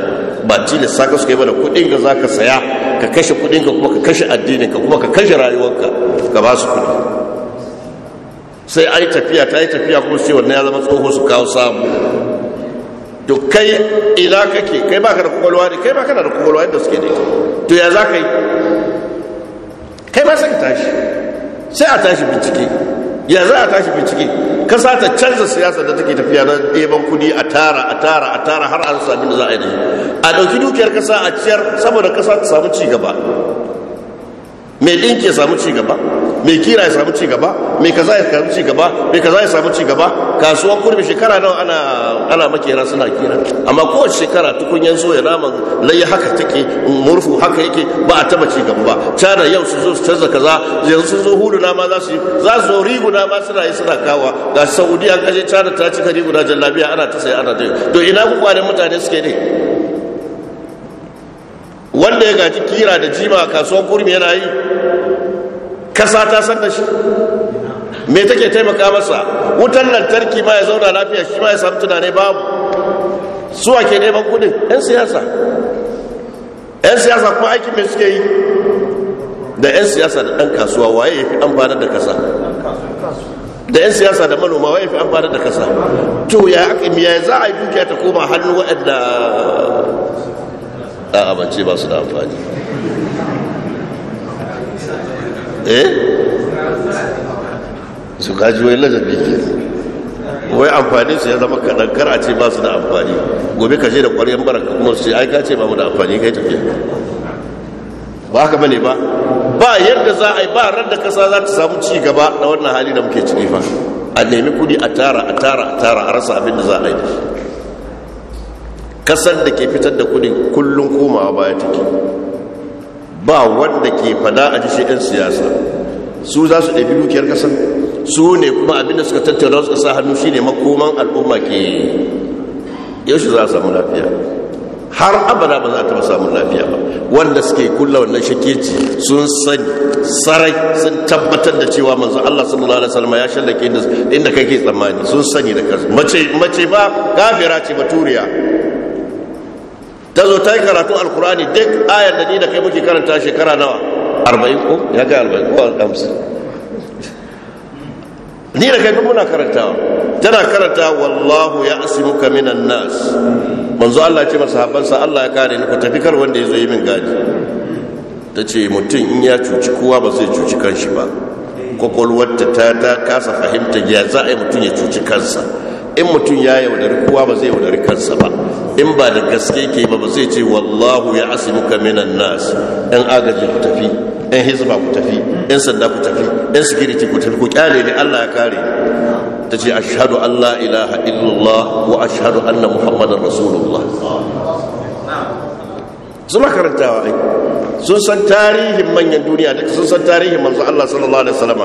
ba tilasta ka suka yi mana kuɗinka za ka saya ka kashe kuɗinka kuma ka kashe addininka kuma ka kashe rayuwarka ka ba su kuɗi sai yi tafiya ta yi tafiya kuma sai wannan ya zama tsoho su kawo samu to kai ina kake kai baka da kwakwalwa ne kai baka da kwakwalwa yadda suke da to ya za ka yi kai ba sai ka tashi sai a tashi bincike ya za a tashi bincike ka ta canza siyasa da take tafiya na ɗeban kudi a tara a tara a tara har an sami da za a yi a ɗauki dukiyar kasa a ciyar saboda kasa ta samu ci gaba mai dinki ya samu ci gaba mai kira ya samu ci gaba mai kaza ya samu ci gaba mai kaza ya samu ci gaba kasuwar kurmi shekara nawa ana ana makera suna kira amma kowace shekara tukunyan soya naman layi haka take murfu haka yake ba a taba ci gaba ba Cana yau su zo su canza kaza yanzu sun zo hudu na ma za su za su zo riguna ma suna yi suna kawa ga saudiya kaje cana ta cika na jallabiya ana ta sai ana da to ina ku kwanan mutane suke ne wanda ya gaji kira da jima a kasuwan kurmi yana yi kasa ta san da shi me take taimaka masa wutan lantarki ma ya zauna lafiya shi ma ya samu tunanai babu suwa ke neman kudin 'yan siyasa 'yan siyasa kuma aikin mai suke yi da 'yan siyasa da ɗan kasuwa waye ya fi amfanar da kasa da 'yan siyasa da manoma waye ya fi amfanar da kasa to ya aka miya za a yi dukiya ta koma hannu waɗanda da'a ban ce ba su da amfani eh su kaji wai lajabi ke wai amfani su ya zama kaɗan a ce ba su da amfani gobe ka je da ƙwaryen baraka kuma su ce ai ka ce ba mu da amfani kai tafiya ba haka bane ba ba yadda za a yi ba ran da kasa za ta samu ci gaba na wannan hali da muke ciki fa a nemi kudi a tara a tara a tara a rasa abin da za a yi kasar da ke fitar da kudin kullum komawa baya take ba wanda ke fada a jishe 'yan siyasa su za su ɗabi dukiyar kasar su ne kuma abinda suka tattara suka sa hannu shine makoman al'umma ke yaushe za a samu lafiya har abada ba za a taɓa samun lafiya ba wanda suke kulla wannan shakeci sun sani sarai sun tabbatar da cewa manzo Allah sallallahu alaihi wasallam ya shallake inda kake tsammani sun sani da kansu mace mace ba kafira ce baturiya ta zo ta yi karatu alkurani duk ayar da ni da kai muke karanta shekara nawa arba'in ko ya kai arba'in ko hamsin ni da kai muna karantawa tana karanta wallahu ya asimuka minan nas manzo Allah ce masa habansa Allah ya kare ni ku tafi kar wanda ya zo yi min gadi ta ce mutum in ya cuci kowa ba zai cuci kanshi ba kwakwalwarta ta ta kasa fahimta ya za a yi mutum ya cuci kansa in mutum ya yaudari kowa ba zai yaudari kansa ba in ba da gaske ke ba ba zai ce wallahu ya asimuka minan nas yan agaji ku tafi yan hizba ku tafi yan sanda ku tafi yan security ku tafi ku kyale ne Allah ya kare ta ce ashhadu an la ilaha illallah wa ashhadu anna muhammadar rasulullah suna karantawa ai sun san tarihin manyan duniya da sun san tarihin manzo Allah sallallahu alaihi wasallam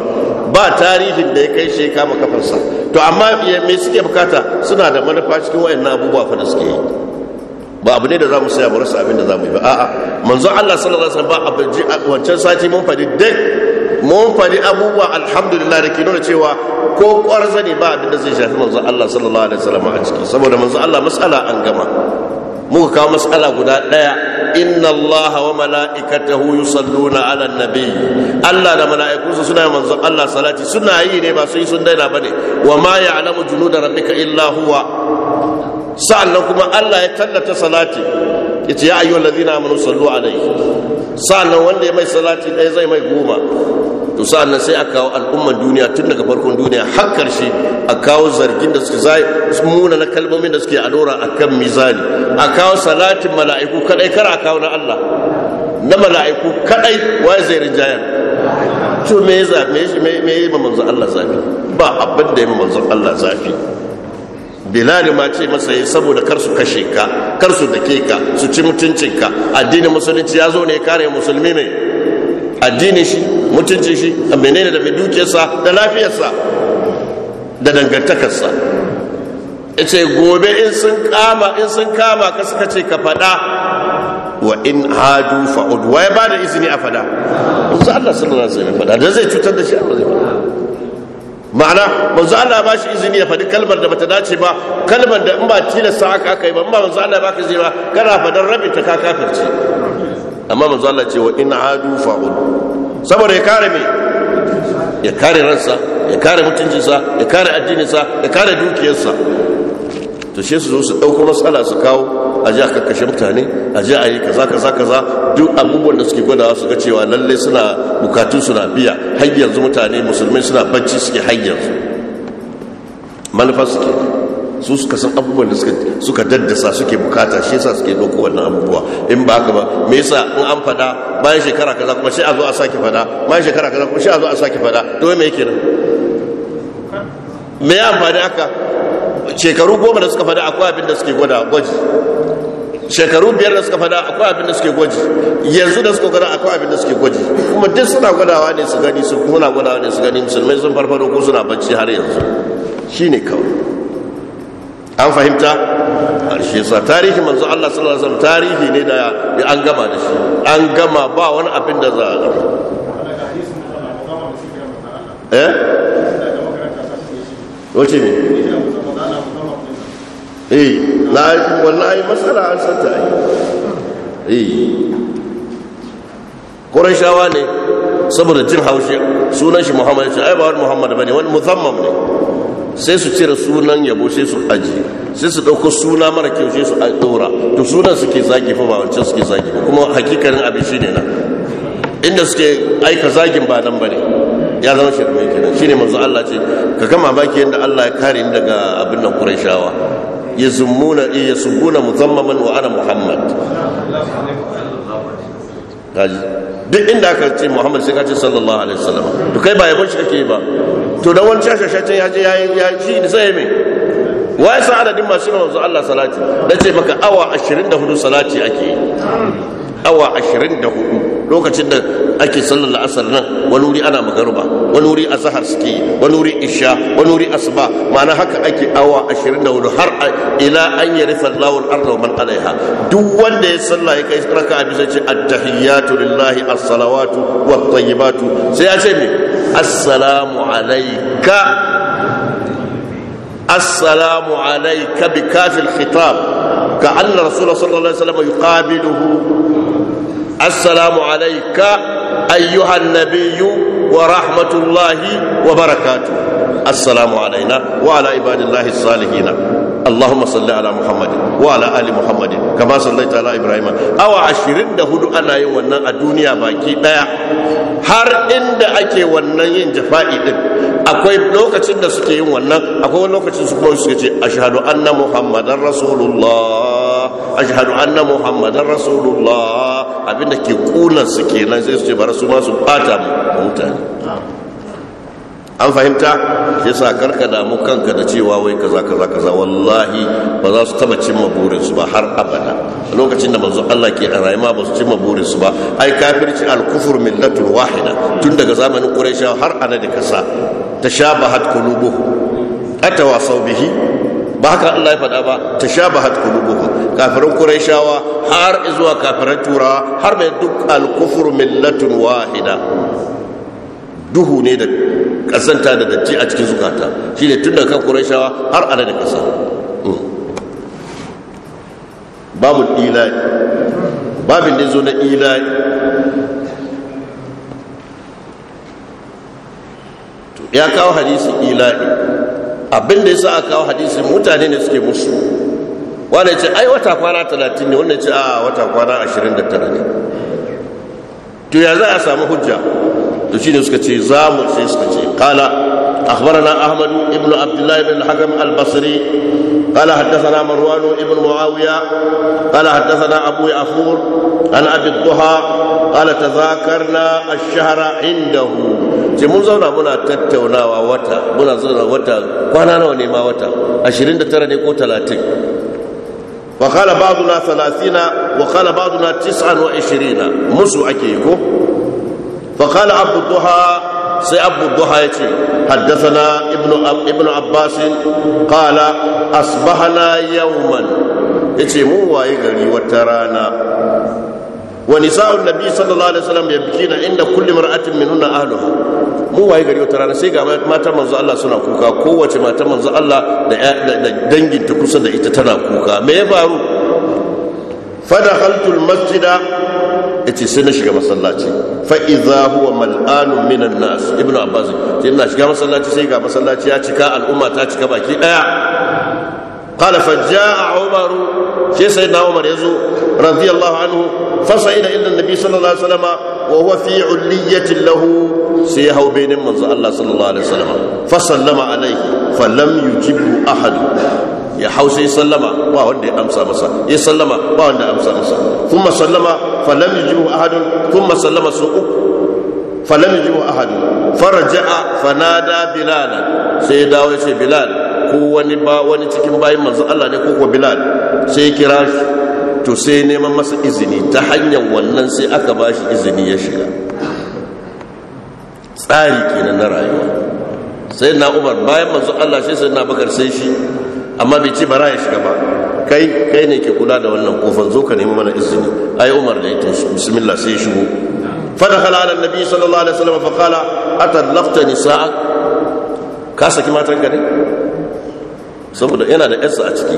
ba tarihin da ya kai shi kama kafarsa to amma me suke bukata suna da manufa cikin na abubuwa fa da suke yi ba abu ne da zamu saya mu rasa abin da zamu yi ba a'a manzo Allah sallallahu alaihi wasallam ba a wancan sati mun fadi dai mun fadi abubuwa alhamdulillah da ke nuna cewa ko kwarza ne ba abin da zai shafi manzo Allah sallallahu alaihi wasallam a ciki saboda manzo Allah mas'ala an gama muka kawo matsala guda ɗaya inna Allah wa mala'ikatahu yusalluna ala nabi Allah da mala'ikunsa suna yi manzon Allah salati suna yi ne ba sai sun daina bane wa ma ya'lamu junuda rabbika illa huwa sa'annan kuma Allah ya tallata salati yace ya ayyuhal ladina amanu sallu Sa'an sa'annan wanda ya mai salati ɗaya zai mai goma to sa'annan sai a kawo al'umman duniya tun daga farkon duniya har karshe a kawo zargin da suke zai muna na kalmomin da suke adora akan mizani a kawo salatin mala'iku kadai kar a kawo na Allah na mala'iku kadai wai zai rinjayar to me ya zafi me Allah zafi ba abin da ya manzon Allah zafi bilal ma ce masa yi eh, saboda kar su kashe ka kar su dake ka su ci mutuncin ka. addinin musulunci ya zo ne ya kare musulmi mai addinin shi mutuncin shi a menene da mai dukiyarsa da lafiyarsa da dangantakarsa ya ce gobe in sun kama in sun kama ka suka ce ka faɗa wa in hadu fa'ud wa ya ba da izini a faɗa Allah sallallahu alaihi wasallam faɗa da zai cutar da shi Allah zai faɗa ma'ana manzo Allah ba shi izini ya faɗi kalmar da bata dace ba kalmar da in ba tilasta aka yi ba in ba manzo Allah ba ka izini ba kana rabin ta ka amma manzo Allah ce wa in adu fa'ul saboda ya kare me ya kare ransa ya kare mutuncinsa ya kare addininsa ya kare dukiyarsa to su zo su ɗauko matsala su kawo a ji a kakkashe mutane a ji a yi kaza kaza kaza duk abubuwan da suke gwada su ga cewa lalle suna bukatu suna biya har yanzu mutane musulmai suna bacci suke har yanzu manufa suke su suka san abubuwan da suka daddasa suke bukata shi yasa suke ɗauko wannan abubuwa in ba haka ba me yasa in an faɗa bayan shekara kaza kuma sai a zo a sake faɗa bayan shekara kaza kuma sai a zo a sake faɗa to me yake nan me ya amfani haka shekaru goma da suka fada akwai abin da suke gwada gwaji shekaru biyar da suka fada akwai abin da suke gwaji yanzu da suka gwada akwai abin da suke gwaji kuma duk suna gwadawa ne su gani su kuma gwadawa ne su gani musulmai sun farfado ko suna bacci har yanzu shine kawai an fahimta shi sa tarihi manzo Allah sallallahu alaihi wasallam tarihi ne da an gama da shi an gama ba wani abin da za a gama eh wace ne eh wallahi masala an yi. eh shawa ne saboda jin haushi sunan shi muhammad ya ce ai ba wani muhammad bane wani musamman ne sai su cire sunan yabo sai su aji sai su ɗauko suna mara kyau sai su ɗora to sunan suke zagi fa ba wancan suke zagi kuma hakikarin abin shi ne na inda suke aika zagin ba nan ba ne ya zama shirme kenan ne manzo Allah ce ka gama baki yadda Allah ya kare ni daga abin nan shawa. يزمون يسبون مذمما وانا محمد duk inda aka ce muhammad sai ka ce sallallahu alaihi wasallam to kai ba yabon shi kake ba to dan wani shashe shashen ya je ya yi ji da sai me. wai sa adadin masu yawan zuwa Allah salati da ce maka awa 24 salati ake yi awa 24 lokacin da ake sallar la'asar nan wani wuri ana magaruba wani wuri zahar suke wani wuri isha wani wuri asuba ma'ana haka ake awa 24 har ila an yarifa rufe al-ardu man alaiha duk wanda ya salla ya kai bisa ce at-tahiyatu lillahi as-salawatu tayyibatu sai ya ce me assalamu alayka assalamu alayka bi kafil khitab ka anna rasulullah sallallahu alaihi wasallam yuqabiluhu ورحمة الله وبركاته السلام علينا وعلى عباد الله الصالحين اللهم صل على محمد وعلى آل محمد كما صليت على إبراهيم أو عشرين دهود أنا يوانا الدنيا باكي دايا har inda ake wannan yin jafa'i din akwai lokacin da suke yin wannan akwai lokacin su kuma suke ce ashhadu anna muhammadan rasulullah الله anna muhammadan rasulullah abinda ke kunan ke kenan sai su ce bara su ma su bata mutane an fahimta ke sa karka damu kanka da cewa wai kaza kaza kaza wallahi ba za su taba cimma burinsu ba har abada lokacin da manzo Allah ke a rayuwa ba su cimma burinsu ba ai kafirci al-kufur millatul wahida tun daga zamanin quraisha har ana da kasa tashabahat qulubuhum atawasaw bihi ba haka Allah ya faɗa ba tashabahat qulubuhum kafirin qurayshawa har zuwa kafirin turawa har mai duk al millatun wahida duhu ne da kasanta da datti a cikin zukata ne tun da kan qurayshawa har ana da kasa hmm. babu ilai babin da zo na ilai ya kawo hadisi ila'i abinda ya sa a kawo hadisi, mutane ne suke musu wanda ce ai wata kwana talatin ne wanda ce a wata kwana ashirin da tara ne to ya za a samu hujja to shi ne suka ce za mu sai suka ce kala أخبرنا أحمد بن عبد الله بن الحكم البصري قال حدثنا مروان بن معاوية قال حدثنا أبو يعفور عن أبي الضحى قال تذاكرنا الشهر عنده ce mun zauna muna tattaunawa wata muna zauna wata kwana nawa ne ma wata 29 ne ko 30 وقال بعضنا ثلاثين وقال بعضنا تسعا وعشرين مسو أكيكو فقال عبد الضحى سي أبو الضحى يتي حدثنا ابن ابن عباس قال أصبحنا يوما يتي مو واي غري وترانا ونساء النبي صلى الله عليه وسلم يبكين عند كل امرأة منهن أهلها Mun waye gari wata rana sai ga matan manzo Allah suna kuka kowace matan manzo Allah da danginta kusa da ita tana kuka me ya faru Fa fadakhaltu almasjida yace sai na shiga masallaci fa idza huwa mal'anun minan nas ibnu abbas sai na shiga masallaci sai ga masallaci ya cika al'umma ta cika baki daya قال فجاء عمر شي سيدنا عمر يزو رضي الله عنه فصعد إلى النبي صلى الله عليه وسلم وهو في علية له سيهو بين من الله صلى الله عليه وسلم فسلم عليه فلم يجبه أحد ya hau sai sallama ba wanda ya amsa masa ya sallama ba wanda ya amsa masa kuma sallama falam yujibu ahadun kuma sallama su uku falam yujibu ahadun faraja'a fanada bilal sai ya dawo ya ce bilal ko wani cikin bayin manzon Allah ne ko ko bilal sai ya kira to sai neman masa izini ta hanyar wannan sai aka ba shi izini ya shiga tsari kenan na rayuwa sai na umar bayan manzo Allah shi sai na bakar sai shi amma bai ce bara ya shiga ba kai kai ne ke kula da wannan kofar zo ka nemi mana izini ai umar da ya bismillah sai ya shigo فدخل على النبي صلى الله عليه وسلم فقال أطلقت نساءك كاسك ما تنكني saboda yana da yarsa a ciki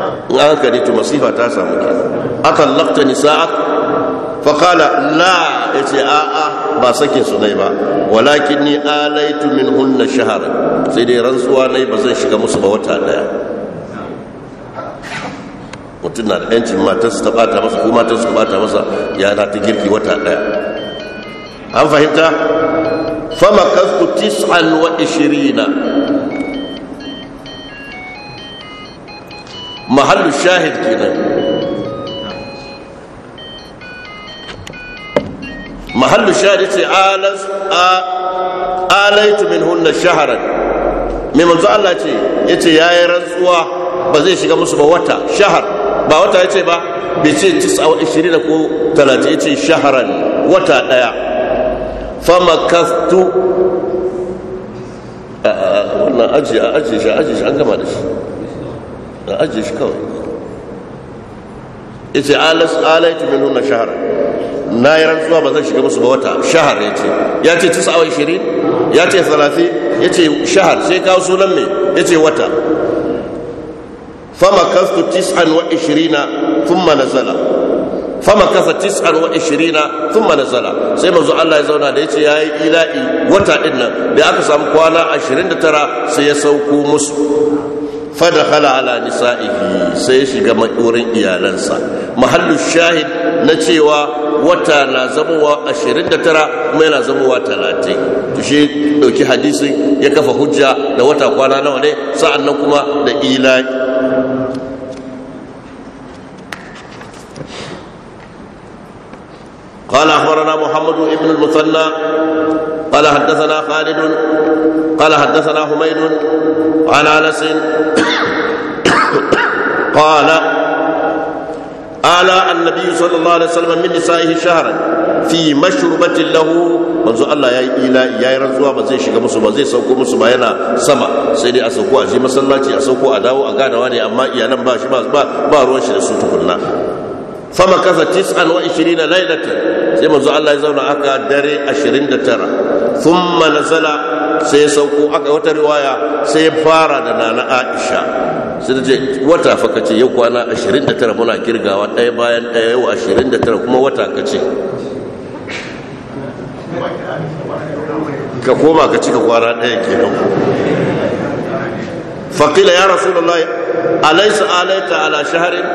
in aka ne to masifa ta samu ke aka lafta fa faqala la yace a a ba sake su dai ba walakin ni alaitu min hunna shahar sai dai rantsuwa nai ba zan shiga musu ba wata daya mutum na da yanci matar su ta bata masa ko matar su bata masa ya na ta girki wata daya an fahimta fama kastu tis'an wa ishirina mahallu shahid kenan mahallu shahid ce alaitu min hunna shaharan mai manzo Allah ce ya ce ya yi rantsuwa ba zai shiga musu ba wata shahar ba wata ya ce ba bai ce 29 ko 30 ya ce shaharan wata daya fama kastu wannan aji a aji shi aji shi an gama da shi ka ajiye shi kawai ya ce alaiti min nuna shahar na yi rantsuwa ba zai shiga musu ba wata shahar ya ce ya ce tisa awai shiri ya ce salafi ya ce shahar sai kawo sunan mai ya ce wata fama kastu tis'an wa ishirina tun ma nazala fama kasa tis'an wa ishirina tun ma nazala sai mazu Allah ya zauna da ya ce ya yi ila'i wata ɗin nan da aka samu kwana ashirin da tara sai ya sauko musu fada-hala-hala ala nisa'ihi sai shiga wurin iyalansa mahallu shahid na cewa wata na zamowa tara, kuma yana zamowa 30 tushe ɗauki dauki hadisi ya kafa hujja da wata kwana nawa ne sa'annan kuma da ila. قال اخبرنا محمد بن المثنى قال حدثنا خالد قال حدثنا حميد عن انس قال آلاء النبي صلى الله عليه وسلم من نسائه شهرا في مشروبة له manzo Allah ya yi ila ya yi rantsuwa ba zai shiga musu ba zai sauko musu ba yana sama sai dai a sauko a je masallaci a sauko a dawo a ganawa ne amma iyalan ba shi ba ba ruwan shi da su tukunna fama kasa tis'an wa ishirina lailatan sai manzo Allah ya zauna aka dare 29 thumma nazala sai sauko aka wata riwaya sai ya fara da nana Aisha sai da ce wata fa kace yau kwana 29 muna kirgawa ɗaya bayan ɗaya yau 29 kuma wata kace ka koma ka cika kwana ɗaya ke kenan Fakila ya rasulullahi alaysa alaita ala shahrin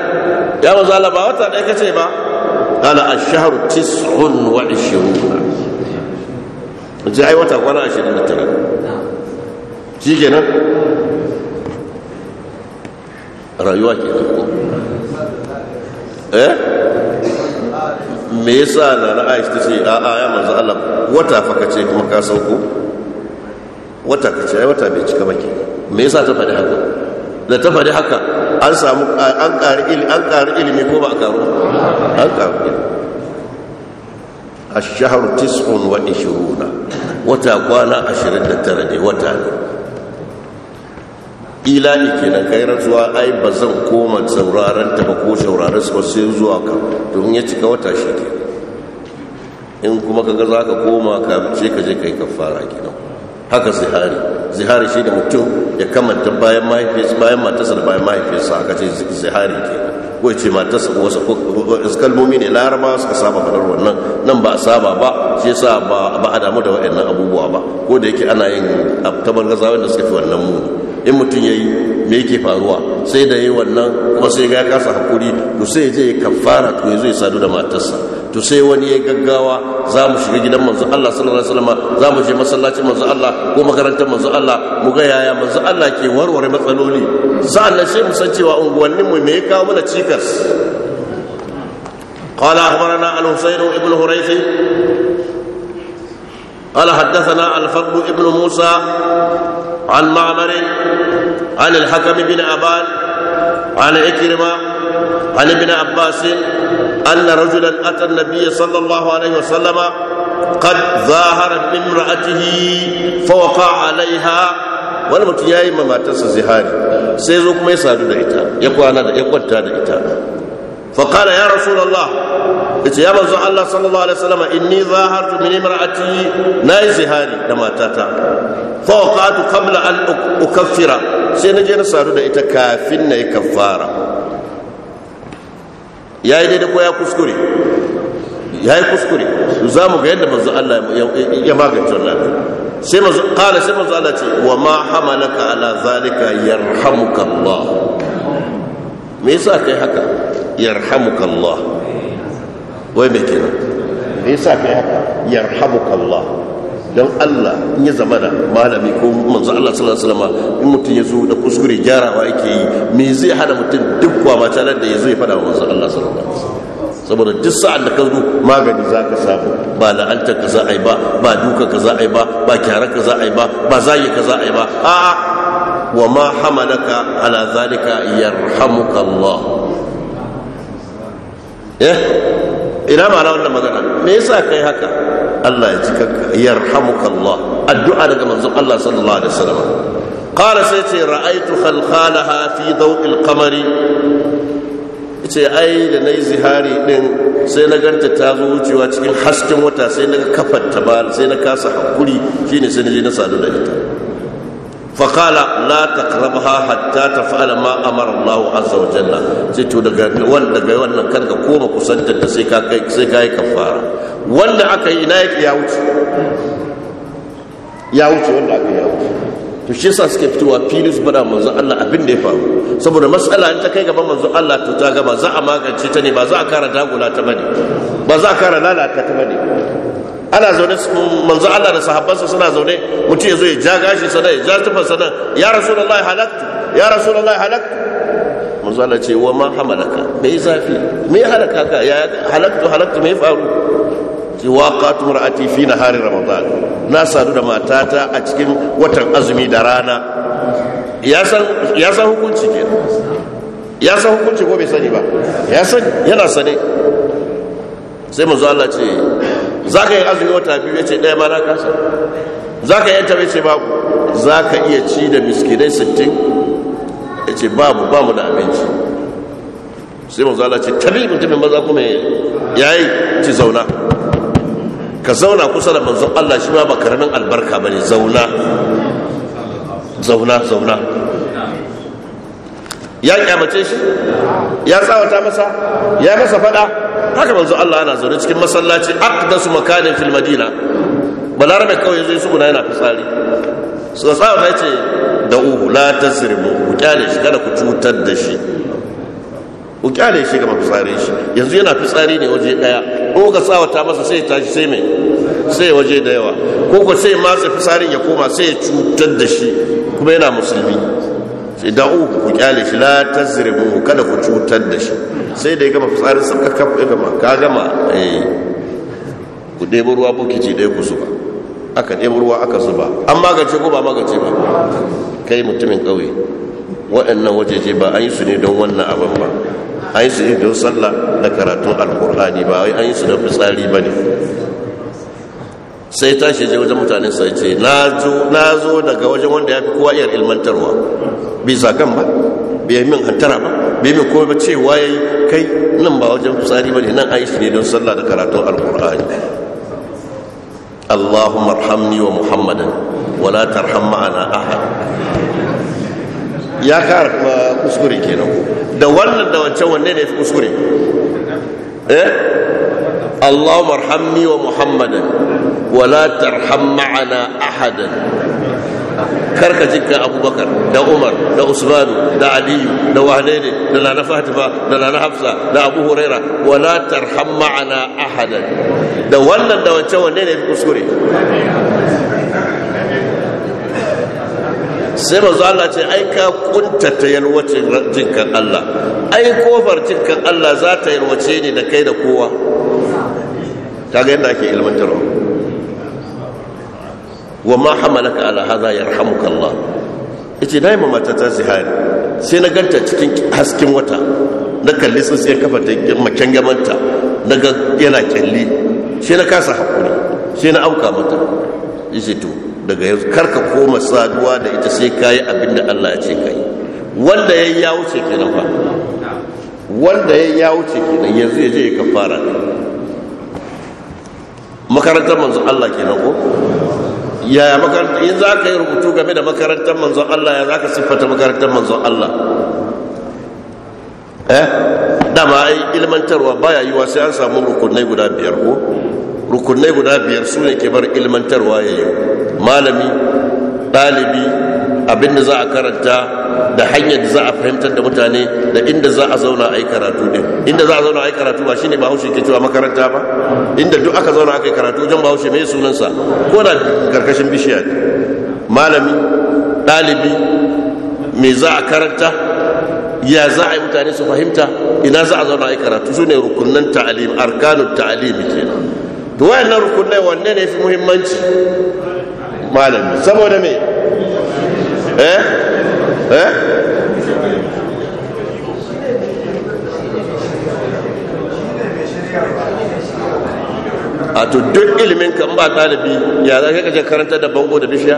ya manzo Allah ba wata ɗaya kace ba qala ash-shahru tis'un wa 20 ji ai wata kwana 29 shikenan rayuwa ke ko eh me yasa na na Aisha tace a a ya manzo Allah wata fa kace kuma ka sauko wata kace ai wata bai cika ba ke me yasa ta faɗi haka da ta faɗi haka an samu an ƙari ilimi ko ba a ƙaru an ƙaru ilimi a shahar tis'un wa ishiruna wata kwana ashirin da tara ne wata ne ila ne ke nan kai rantsuwa ai ba zan koma sauraren ta ba ko sauraren su sai zuwa ka domin ya cika wata shi ke in kuma ka ga za ka koma ka ce ka je yi kafara gina haka sai hari zihari shi da mutum ya kamanta bayan mahaifiyarsa bayan matarsa da bayan mahaifiyarsa aka ce zihari ke ko ce matarsa ko wasu kalmomi ne laraba suka saba faɗar wannan nan ba a saba ba shi yasa ba a damu da waɗannan abubuwa ba ko da yake ana yin tabar gaza wanda suka fi wannan mu in mutum ya yi me yake faruwa sai da yi wannan kuma sai ga ya kasa hakuri to sai ya je ya kafara to ya zo ya sadu da matarsa to sai wani ya gaggawa za mu shiga gidan manzo Allah sallallahu alaihi wasallam za mu je masallacin manzo Allah ko makarantar manzo Allah mu ga yaya manzo Allah ke warware matsaloli sa'annan sai mu san cewa unguwannin mu me ya kawo mana cikas قال أخبرنا الحسين بن هريث قال حدثنا الفضل بن موسى عن معمر عن الحكم بن أبان عن إكرمة عن ابن عباس أن رجلا أتى النبي صلى الله عليه وسلم قد ظاهر من امرأته فوقع عليها wani mutum ya yi ma matarsa zihari sai zo kuma ya sadu da ita ya kwana da ya kwanta da ita faƙala ya rasulallah ya ce ya manzo Allah sallallahu alaihi wasallam inni zahartu min imra'ati na yi zihari da matata fa waqatu qabla an ukaffira sai na je na sadu da ita kafin na yi kaffara ya yi daidai ko ya kuskure ya kuskure za mu ga yadda manzo Allah ya magance wannan sai manzo sai manzo Allah ce wa ma hamalaka ala zalika yarhamuka Allah me yasa kai haka yarhamuka Allah wai me kenan me yasa kai haka yarhamuka Allah don Allah in ya zama da malami ko manzo Allah sallallahu alaihi wasallam in mutum ya zo da kuskure gyarawa yake yi me zai hada mutum duk kwa ba tare da ya zo ya fada wa manzo Allah sallallahu alaihi wasallam saboda duk sa'an da ka zo magani za ka samu ba la'anta ka za a yi ba ba duka ka za a yi ba ba kyara ka za a yi ba ba zayi ka za a yi ba a'a wa ma hamalaka ala zalika yarhamuka Allah eh ina ma wannan magana me yasa kai haka Allah ya cika yarhamukallah addu'a daga manzon Allah sallallahu alaihi wasallam qala sai ce ra'aitu khalqalaha fi dawqil qamari ce ai da nayi zihari din sai na ganta ta zo wucewa cikin hasken wata sai na kafarta ba sai na kasa hakuri shine sai na je na sadu da ita Fa فقال لا تقربها حتى تفعل ما امر الله عز jalla, sai to daga wannan daga wannan kan ka koma kusanta ta sai ka kai ka kai kafara wanda aka yi ina ya wuce ya wuce wanda aka ya wuce to shi sa suke fitowa fili su bada manzon Allah abin da ya faru saboda matsala ta kai gaban manzon Allah to ta gaba za a magance ta ne ba za a kara dagula ta bane ba za a kara lalata ta bane ana zaune manzon Allah da sahabbansa suna zaune mutum ya zo ya ja gashi sana ya ja tufan sana ya rasulullahi halaktu ya rasulullahi halaktu manzo Allah ce wa ma hamalaka me zafi me halaka ka ya halaktu halaktu me faru waqatu mar'ati fi nahari ramadan na sadu da matata a cikin watan azumi da rana ya san ya san hukunci ke ya san hukunci ko bai sani ba ya san yana sane sai manzo Allah ce zaka yi azumi wata biyu yace daya ma na kasa zaka yi ta ce babu zaka iya ci da miskinai 60 yace babu ba mu da abinci sai manzo Allah ce tabi mutumin maza kuma yayi ci zauna ka zauna kusa da manzon Allah shi ma ba karamin albarka bane zauna zauna zauna ya kyamace shi ya tsawata masa ya masa fada haka manzon Allah yana zaune cikin masallaci aqdasu makanin fil madina balarabe kawai zai su yana fitsari Su tsawata yace da uhu la tazrimu ku kyale shi kada ku cutar da shi ku kyale shi ga fitsari shi yanzu yana fitsari ne waje daya ko ka tsawata masa sai tashi sai mai sai waje da yawa ko ko sai matsa fitsarin ya koma sai ya cutar da shi kuma yana musulmi sai da uku ku kyale shi la tazribu kada ku cutar da shi sai da ya gama fitsarin sa ka gama ka gama eh ku debo ruwa bokiti ɗaya ku zuba aka debo ruwa aka zuba an magance ko ba magance ba kai mutumin ƙauye waɗannan wajeje ba an yi su ne don wannan abin ba a yi su idon sallah da karatun alkur'ani ba wai an yi su da fitsari ba ne sai tashi je wajen mutane sai ce na zo daga wajen wanda ya fi kowa iya ilmantarwa bai zagan ba bai min hantara ba bai min komai ba ce ya yi kai nan ba wajen fitsari ba ne nan an yi su ne don sallah da karatun alkur'ani wa Muhammadan wa la ترحم ana ahad ya kara kuma kuskure kenan da wannan da wancan wanne ne fi kuskure eh karka abubakar da umar da usmanu da aliyu da wahalene da lana fatima da lana hafsa da abu huraira tarham ma'ana ahadan da wannan da wancan wanne ne kuskure sai manzo Allah ce ai ka kuntata yalwace jinkan Allah ai kofar jinkan Allah za ta yalwace ne da kai da kowa ta ga yadda ake ilmantarwa wa ma hamalaka ala hadha yarhamuka Allah yace dai mama ta ta zihari sai na ganta cikin hasken wata na kalli sun sai kafa ta makin gamanta na ga yana kyalli sai na kasa hakuri sai na auka mata yace to daga yanzu karka koma saduwa da ita sai kayi abin da Allah ya ce kai wanda ya ya wuce kenan fa wanda ya ya wuce kenan yanzu ya je ya kafara makarantar manzon Allah kenan ko yaya makarantar in za ka yi rubutu game da makarantar manzon Allah ya za ka siffata makarantar manzon Allah eh dama ai ilmantarwa baya yiwa sai an samu rukunai guda biyar ko rukunai guda biyar su ne ke bar ilmantarwa ya yi malami ɗalibi abinda za a karanta da hanyar da za a fahimtar da mutane da inda za a zauna a yi karatu din inda za a zauna a yi karatu ba shine bahaushe ke cewa makaranta ba inda duk aka zauna aka yi karatu wajen bahaushe mai sunansa ko na karkashin bishiya ne malami ɗalibi me za a karanta ya za a yi mutane su fahimta ina za a zauna a yi karatu su ne rukunan ta'alim arkanun ta'alim kenan to wayannan rukunai wanne ne fi muhimmanci malami saboda me eh eh a to duk ilimin kan ba talibi ya za ka karanta da bango da bishiya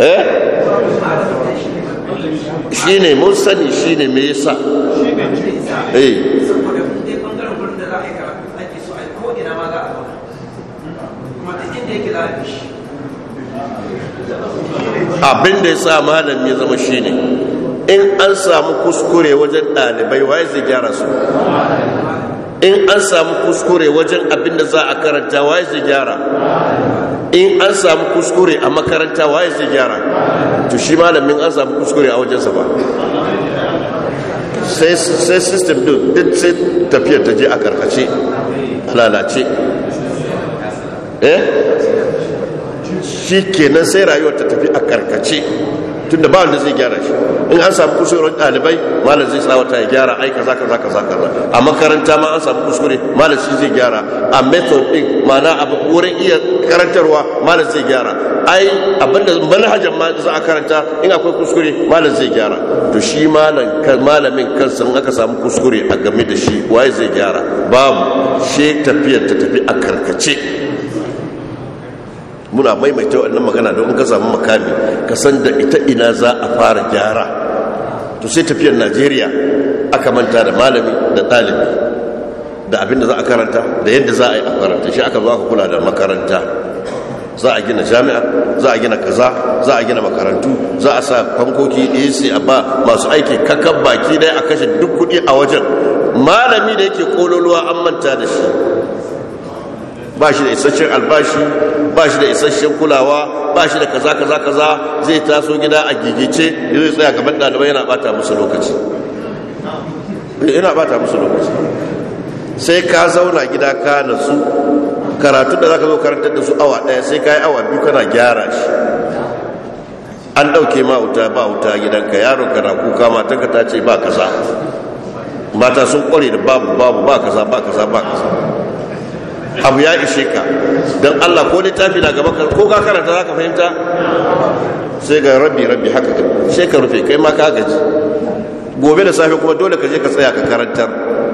eh shine mun sani shi me yasa eh Abinda ya sa malam ya zama shine in an samu kuskure wajen ɗalibai waye zai gyara su in an samu kuskure wajen abinda za a karanta waye zai gyara in an samu kuskure a makaranta waye zai gyara to shi malamin an samu kuskure a wajensa ba sai system din duk sai tafiyar ta je a karkace lalace eh shi kenan sai rayuwar ta tafi a karkace da ba wanda zai gyara shi in an samu kusurin ɗalibai malam zai tsawata ya gyara ai kaza kaza kaza kaza a makaranta ma an samu kuskure malam shi zai gyara a method din mana a wurin iya karantarwa malam zai gyara ai abinda manhajar ma za a karanta in akwai kuskure malam zai gyara to shi malam malamin kansa in aka samu kuskure a game da shi waye zai gyara babu shi tafiyar ta tafi a karkace muna maimaita wannan magana don ka samu makami ka san da ita ina za a fara gyara to sai tafiyar najeriya aka manta da malami da ɗalibi da abin za a karanta da yadda za a yi a karanta shi aka zo aka kula da makaranta za a gina jami'a za a gina kaza za a gina makarantu za a sa fankoki ac a ba masu aiki kakan baki daya a kashe duk kudi a wajen malami da yake kololuwa an manta da shi ba shi da isasshen albashi ba shi da isasshen kulawa ba shi da kaza kaza kaza zai taso gida a gigice zai tsaya gaban ɗalibai yana bata musu lokaci eh, yana bata musu lokaci sai ka zauna gida ka nasu karatu da zaka zo karantar da su awa ɗaya sai ka yi awa biyu kana gyara shi an ɗauke ma wuta ba wuta gidanka yaron ka na kuka matanka ta ce ba kaza mata sun ƙware da babu babu ba kaza ba kaza ba kaza abu ya ishe ka don Allah ko littafi na gaba ko ka karanta za ka fahimta sai ga rabbi rabbi haka sai ka rufe kai ma ka gaji gobe da safe kuma dole ka je ka tsaya ka karanta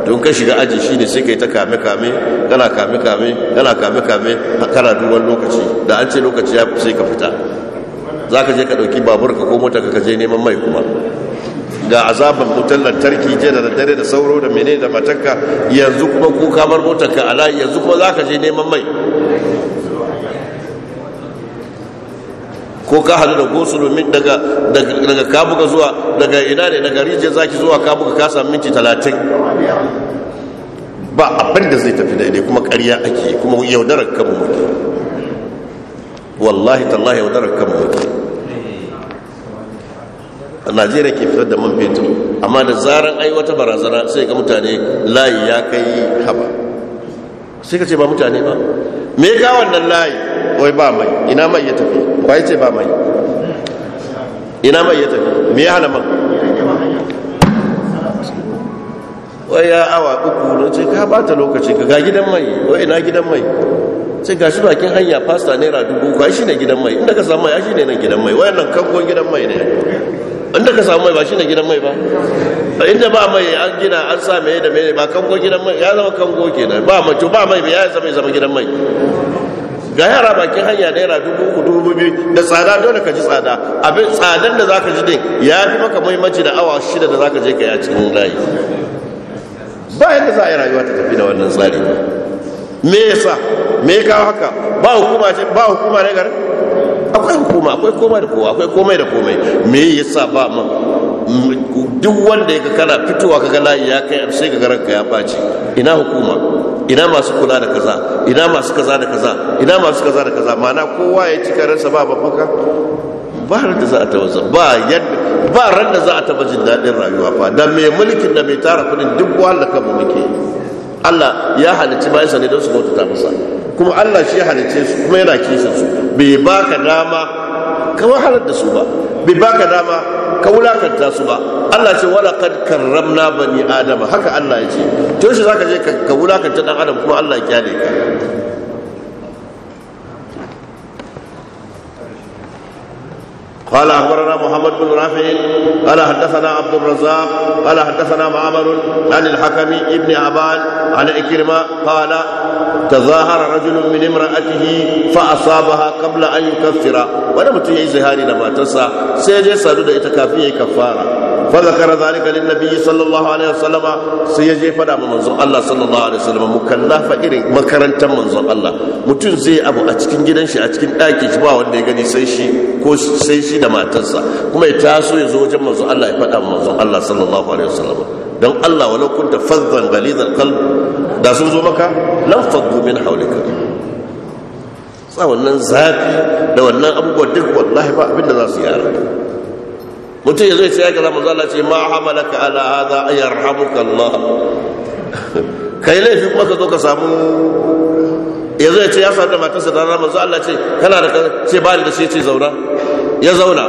don ka shiga aji shine sai ka yi ta kame kame gana kame kame gana kame kame a kana duban lokaci da an ce lokaci ya sai ka fita za ka je ka ɗauki babur ka ko mota ka je neman mai kuma ga azaban mutan lantarki je da daddare da sauro da menene da matakka yanzu kuma ko kamar bar motarka a layi yanzu kuma za ka je neman mai ko ka hadu da gosulo min daga daga kabuka zuwa daga ina ne daga rijiyar zaki zuwa kabuka ka samu minti talatin ba abin da zai tafi daidai kuma ƙarya ake kuma yaudarar kan mutu wallahi tallahi yaudarar kan mutu najeriya ke fitar da man fetur amma da zaran ai wata barazana sai ga mutane layi ya kai haba sai ka ce ba mutane ba me ka wannan layi wai ba mai ina mai ya tafi wai ce ba mai ina mai ya tafi me ya hana man wai ya awa uku na ce ka bata lokaci ka ga gidan mai wai ina gidan mai sai shi bakin hanya fasta naira dubu ba shi ne gidan mai inda ka samu ya shi ne nan gidan mai wayannan kangon gidan mai ne inda ka samu mai ba shi ne gidan mai ba inda ba mai an gina an sa mai da mai ba kango gidan mai ya zama kango kenan ba mai ba mai ya zama zama gidan mai ga yara bakin hanya naira dubu uku dubu biyu da tsada dole ka ji tsada abin tsadan da zaka ji din ya fi maka muhimmanci da awa shida da zaka je kai a cikin layi ba yadda za a yi rayuwa ta tafi da wannan tsari me yasa me kawo haka ba hukuma ce ba hukuma ne garin akwai hukuma akwai komai da kowa akwai komai da komai me yasa ba ma duk wanda ya kana fitowa kaga layi ya kai sai ga garanka ya baci ina hukuma ina masu kula da kaza ina masu kaza da kaza ina masu kaza da kaza ma'ana kowa ya ci sa ba mafaka ba ran da za a tawazza ba yadda ba ran da za a taba jin daɗin rayuwa fa da mai mulkin da mai tara kudin duk wanda mu muke Allah ya halicci bayansa ne don su bauta masa kuma Allah shi halice su kuma yana kishin su bai baka dama ka wahalar da su ba bai baka dama ka wulakanta su ba Allah ce wala kad karramna bani Adama. haka Allah ya ce to shi zaka je ka wulakanta dan adam kuma Allah ya kyale ka قال اخبرنا محمد بن رافع قال حدثنا عبد الرزاق قال حدثنا معمر عن الحكم ابن عبان عن إكرمة قال تظاهر رجل من امرأته فأصابها قبل أن يكفر ولا متي زهاري لما تسع سيجي سادود إتكافيه كفارة فذكر ذلك للنبي صلى الله عليه وسلم سيجي فدا منزل الله صلى الله عليه وسلم مكلا فإرين مكرنت منزل الله متن زي أبو أتكين جدن شي أتكين آكي شبا وانده يغني سيشي كوش سيشي da matarsa kuma ya taso ya zo wajen manzon Allah ya faɗa manzon Allah sallallahu alaihi wasallam dan Allah walau kunta faddan ghalizal qalb da sun zo maka lam faddu min hawlika sa wannan zafi da wannan abubuwa duk wallahi ba abin da za su yara mutum ya zo ya ce ya kaza manzon Allah ce ma hamalaka ala hadha ayarhamuka Allah <laughs> kai laifi kuma ka zo ka samu yanzu ya ce ya sadu da matarsa da rana manzo Allah ce kana da ce ba da shi ce zauna ya zauna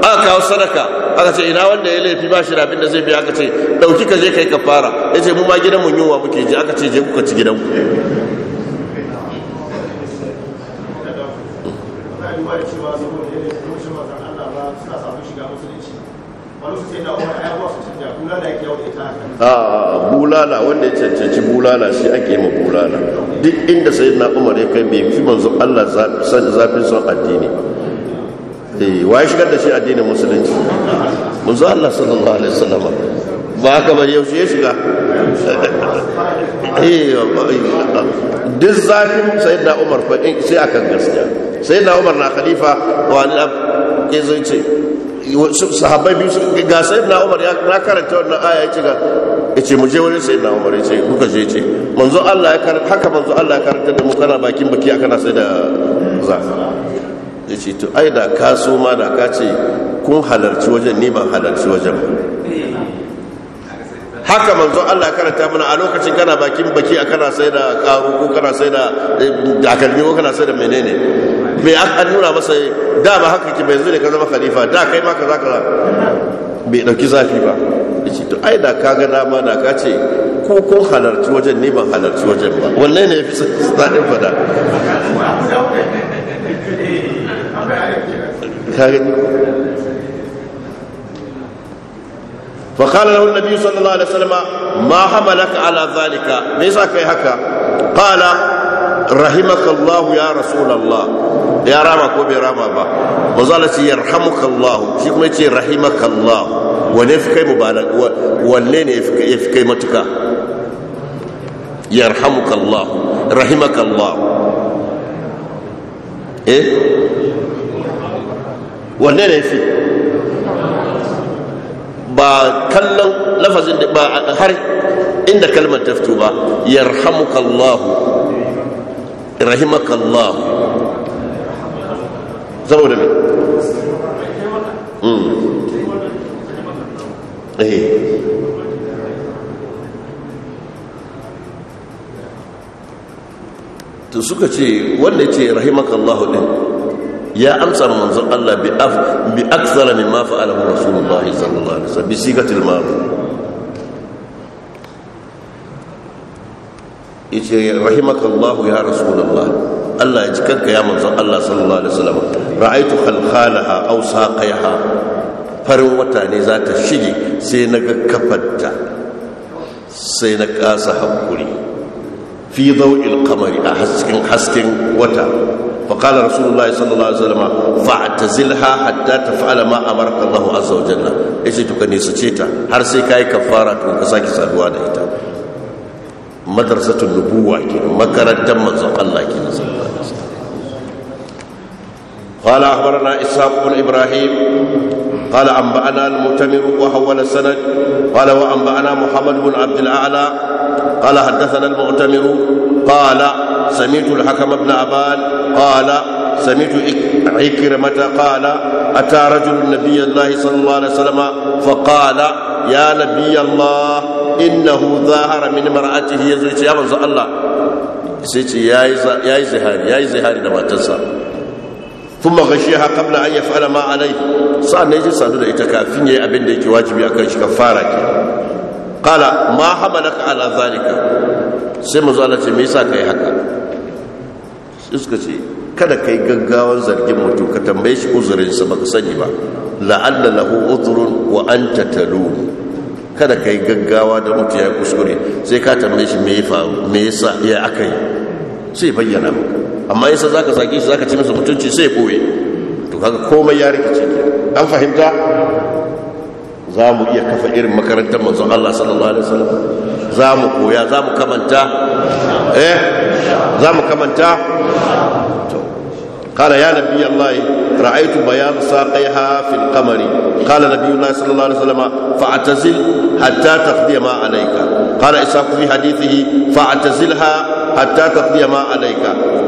aka kawo sadaka aka ce ina wanda ya laifi ba shi da abin da zai biya aka ce dauki ka je kai kafara ya ce mu ma gidan mu yunwa muke ji aka ce je kuka ci gidan ku a bulala wanda ya cancanci bulala shi ake ma bulala duk inda sai na umar ya kai mai fi manzo Allah zafin son addini eh ya shigar da shi addinin musulunci manzo Allah sallallahu alaihi wasallam ba haka yau shi ya shiga eh, duk zafin sai na umar fa sai akan gaskiya sai na umar na khalifa wa ya zai ce sahabbai biyu ga sai na umar ya karanta wannan aya ya ce ga ya ce muje wurin sai na umar ya ce kuka je ce manzo Allah ya karanta haka manzo Allah ya karanta da mu kana bakin baki aka na sai da za ya ce to ai da ka so ma da ka ce kun halarci wajen ni ban halarci wajen ba haka manzon Allah karanta mana a lokacin kana bakin baki a kana sai da karu ko kana sai da eh, takalmi ko kana sai da menene me an nuna masa eh, da ba haka ki bai zo ne ka zama khalifa da kai ma kaza kaza bai dauki zafi ba yace to ai da kaga dama da ka ce ko ko halarci wajen ne ban halarci wajen ba wallahi ne yafi sadin fada kaga فقال له النبي صلى الله عليه وسلم ما حملك على ذلك ليس كي هكا قال رحمك الله يا رسول الله يا راما كوبي راما با وزالت يرحمك الله شيخ ما رحمك الله ونفكي مبارك ولين يفكي متكا يرحمك الله رحمك الله ايه ولين يفكي ba kallon lafazin da ba har inda kalmar ta fito ba yarhamukallahu rahimakallahu saboda hmm. eh. to suka ce wanda ce rahimakallahu din ya amsa manzon Allah bi af bi aksara mimma fa'alahu rasulullah sallallahu alaihi wasallam bi sigatil ma'ruf yace rahimakallahu ya rasulullah Allah ya jikanka ya manzon Allah sallallahu alaihi wasallam ra'aytu khalkhalaha aw saqiha farin wata ne za ta shige sai na ga kafarta sai na kasa hakuri fi dawil qamari a hasken hasken wata فقال رسول الله صلى الله عليه وسلم فاعتزلها حتى تفعل ما امرك الله عز وجل yace to ka nisace ta har sai kai kafara to ka saki saduwa da ita madrasatul nubuwa ke makarantar manzon Allah ke قال اخبرنا اسحاق بن ابراهيم قال انبانا المؤتمر وحول السند قال وانبانا محمد بن عبد الاعلى قال حدثنا المؤتمر قال سمعت الحكم بن عبان قال سمعت عكرمة قال أتى رجل النبي الله صلى الله عليه وسلم فقال يا نبي الله إنه ظاهر من مرأته يزيت يا منزل الله سيتي يا زهاري يا زهاري لما تنسى ثم غشيها قبل أن يفعل ما عليه سأل نجي سأل إتكافين يا أبن ديك واجبي أكاش كفارك قال ما حملك على ذلك سيما زالة ميسا كي حكا suka ce kada kai gaggawar zargin mutum ka tambaye shi uzurinsa baka sani ba la'alla lahu uzrun wa anta talumu kada kai gaggawa da mutum ya kuskure sai ka tambaye shi me ya faru me yasa ya yi sai bayyana maka amma yasa zaka saki shi zaka ci masa mutunci sai ya koye to kaga komai ya rikice an fahimta za mu iya kafa irin makarantar manzon Allah sallallahu alaihi wasallam za mu koya za mu kamanta eh za mu kamanta قال يا نبي الله رأيت بيان ساقيها في القمر قال نبي الله صلى الله عليه وسلم فاعتزل حتى تقضي ما عليك قال إسحاق في حديثه فاعتزلها حتى تقضي ما عليك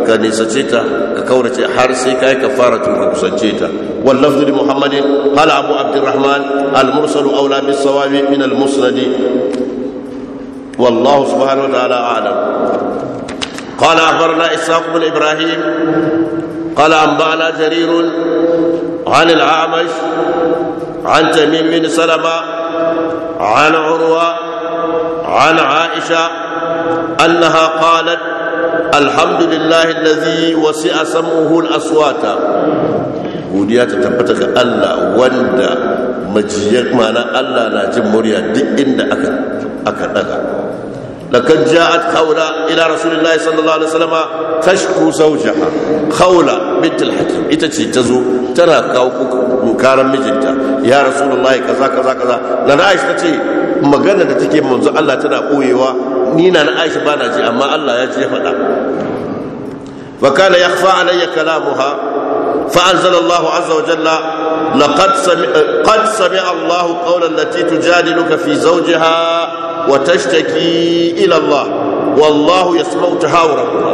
كان يسجيتا ككونة حارسي كاي كفارة وكسجيتا واللفظ لمحمد قال أبو عبد الرحمن المرسل أولى بالصواب من المسند والله سبحانه وتعالى أعلم قال أخبرنا إسحاق بن إبراهيم قال أنبأنا جرير عن الأعمش عن تميم بن سلمة عن عروة عن عائشة أنها قالت الحمد لله الذي وسع سمعه الأصوات godiya ta tabbata ga Allah wanda majiyar mana Allah na jin murya duk inda aka daga لقد جاءت خولة إلى رسول الله صلى الله عليه وسلم تشكو زوجها خولة بنت الحكيم إتتي تزو ترى كارم مجنتا يا رسول الله كذا كذا كذا لنا عايش تتي مغانا تتكي منذ الله تنا قويوا نينا نعيش بانا جي أما الله يجي فدا وكان يخفى علي كلامها فأنزل الله عز وجل لقد سمع قد سمع الله قول التي تجادلك في زوجها وتشتكي إلى الله Wallahu يسمع تهاوركما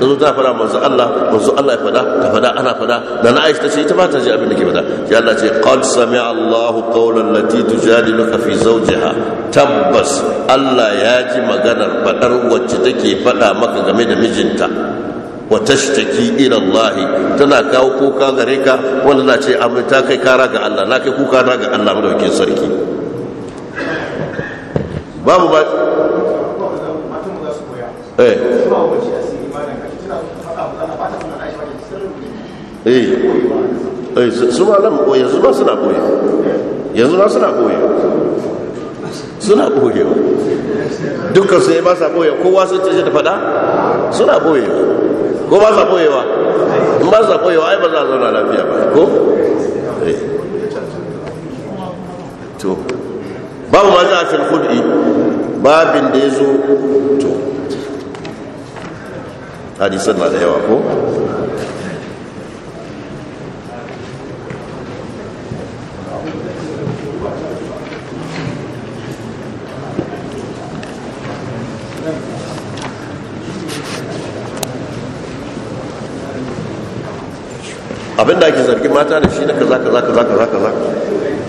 tazo ta fada manzo Allah manzo Allah ya fada ta fada ana fada da na Aisha ce ita ba ta ji abin da ke fada sai Allah ce qad sami'a Allah qawlan lati tujadiluka fi zawjiha tabbas Allah ya ji maganar fadar wacce take fada maka game da mijinta wa tashtaki ila Allah tana kawo kuka gare ka wanda na ce amma ta kai kara ga Allah na kai kuka na ga Allah madaukakin sarki babu ba eh eh, eh su ba nan koyi yanzu ba suna koyi yanzu ba suna koya suna koya dukkan su ba sa koya kowa sun ce da fada suna koyi ko ba sa koyewa in ba sa koyewa ai ba za a zauna lafiya ba ko eh. to babu ma za a fil khud'i babin da ya zo to hadisan na da yawa ko abinda ake zargi mata da shi na kaza kaza kaza kaza kaza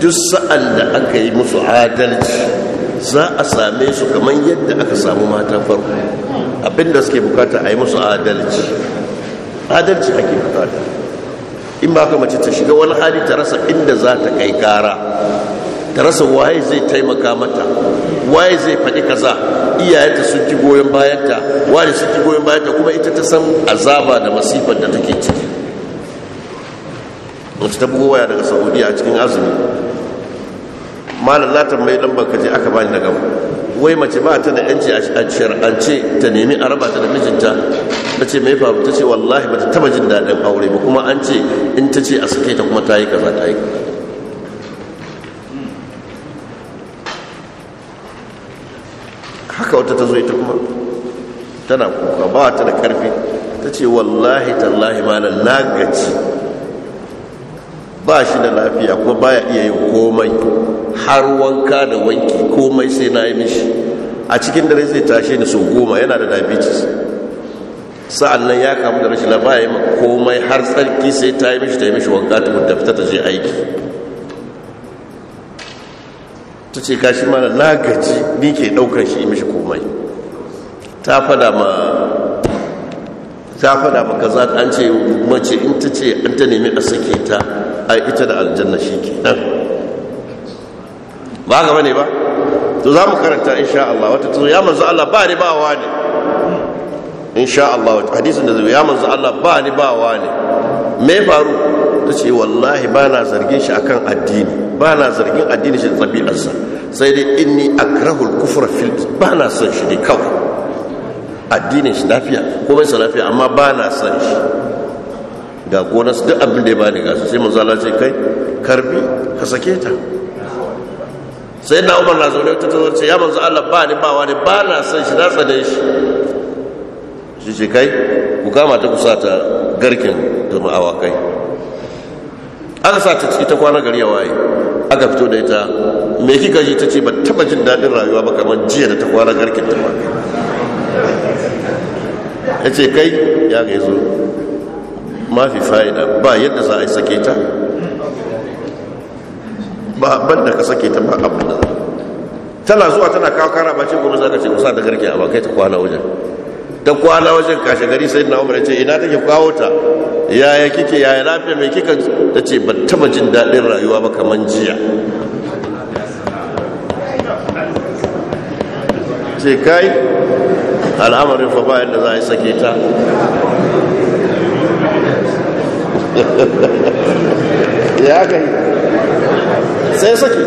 duk sa'an da aka yi musu adalci za a same su kamar yadda aka samu mata farko abinda suke bukata a yi musu adalci adalci ake bukata in ba ka mace ta shiga wani hali ta rasa inda za ta kai kara ta rasa waye zai taimaka mata waye zai faɗi kaza iyayenta sun ji goyon bayanta wani sun ji goyon bayanta kuma ita ta san azaba da masifar da take ciki wacce ta bugo waya daga saudiya a cikin azumi malam na mai lambar kaje aka bani daga wai mace ba ta da yanci a ce ta nemi a raba ta da mijinta ta ce mai faru ta ce wallahi ba ta taba jin daɗin aure ba kuma an ce in ta ce a sake ta kuma ta yi kaza ta yi haka wata ta zo ita kuma tana kuka ba ta da karfi ta ce wallahi tallahi malam na gaci ba shi da lafiya kuma baya iya yin komai har wanka da wanki komai sai na yi mishi a cikin dare zai tashe ni sau goma yana da diabetes sa'an nan ya kamu da rashin lafiya yi komai har tsarki sai ta yi mishi ta yi mishi wanka ta da fita ta je aiki ta ce shi mana na gaji ni ke ɗaukar shi mishi komai ta fada ma ta faɗa maka za an ce mace in ta ce an ta nemi a sake ta ai ita da aljanna shi ke nan ba gaba ne ba to za mu karanta insha Allah wata tuzo ya manzo Allah ba ni ba wa ne insha Allah wata hadisin da zai ya manzo Allah ba ni ba wa ne me faru ta ce wallahi ba na zargin shi akan addini ba na zargin addini shi da sai dai inni akrahul kufra fil ba na son shi ne kawai addinin shi lafiya komai sa lafiya amma ba na son shi ga gonar duk abin da ya bani gasu sai manzo Allah ce kai karbi ka sake ta sai na umar na zaune ta zo ce ya manzo Allah ba ni ba wani ba na san shi na tsade shi shi ce kai ku kama ta kusata ta garkin da awakai aka sa ta ciki ta kwana gari ya waye aka fito da ita me kika ji ta ce ba taba jin daɗin rayuwa ba kamar jiya da ta kwana garkin ta wakai ya ce kai ya gaizo mafi fa'ida ba yadda za a yi sake ta ba ban da ka sake ta ba abin da tana zuwa tana kawo kara ba ce kuma za ka ce kusa da garke a ba kai ta kwana wajen ta kwana wajen kashe gari sai na umar ce ina take kawo ta yaya kike yaya lafiya mai kika ta ce ba taba jin daɗin rayuwa ba kamar jiya ce kai al'amarin fa ba yadda za a yi sake ta ya <laughs> gani é, é isso aqui.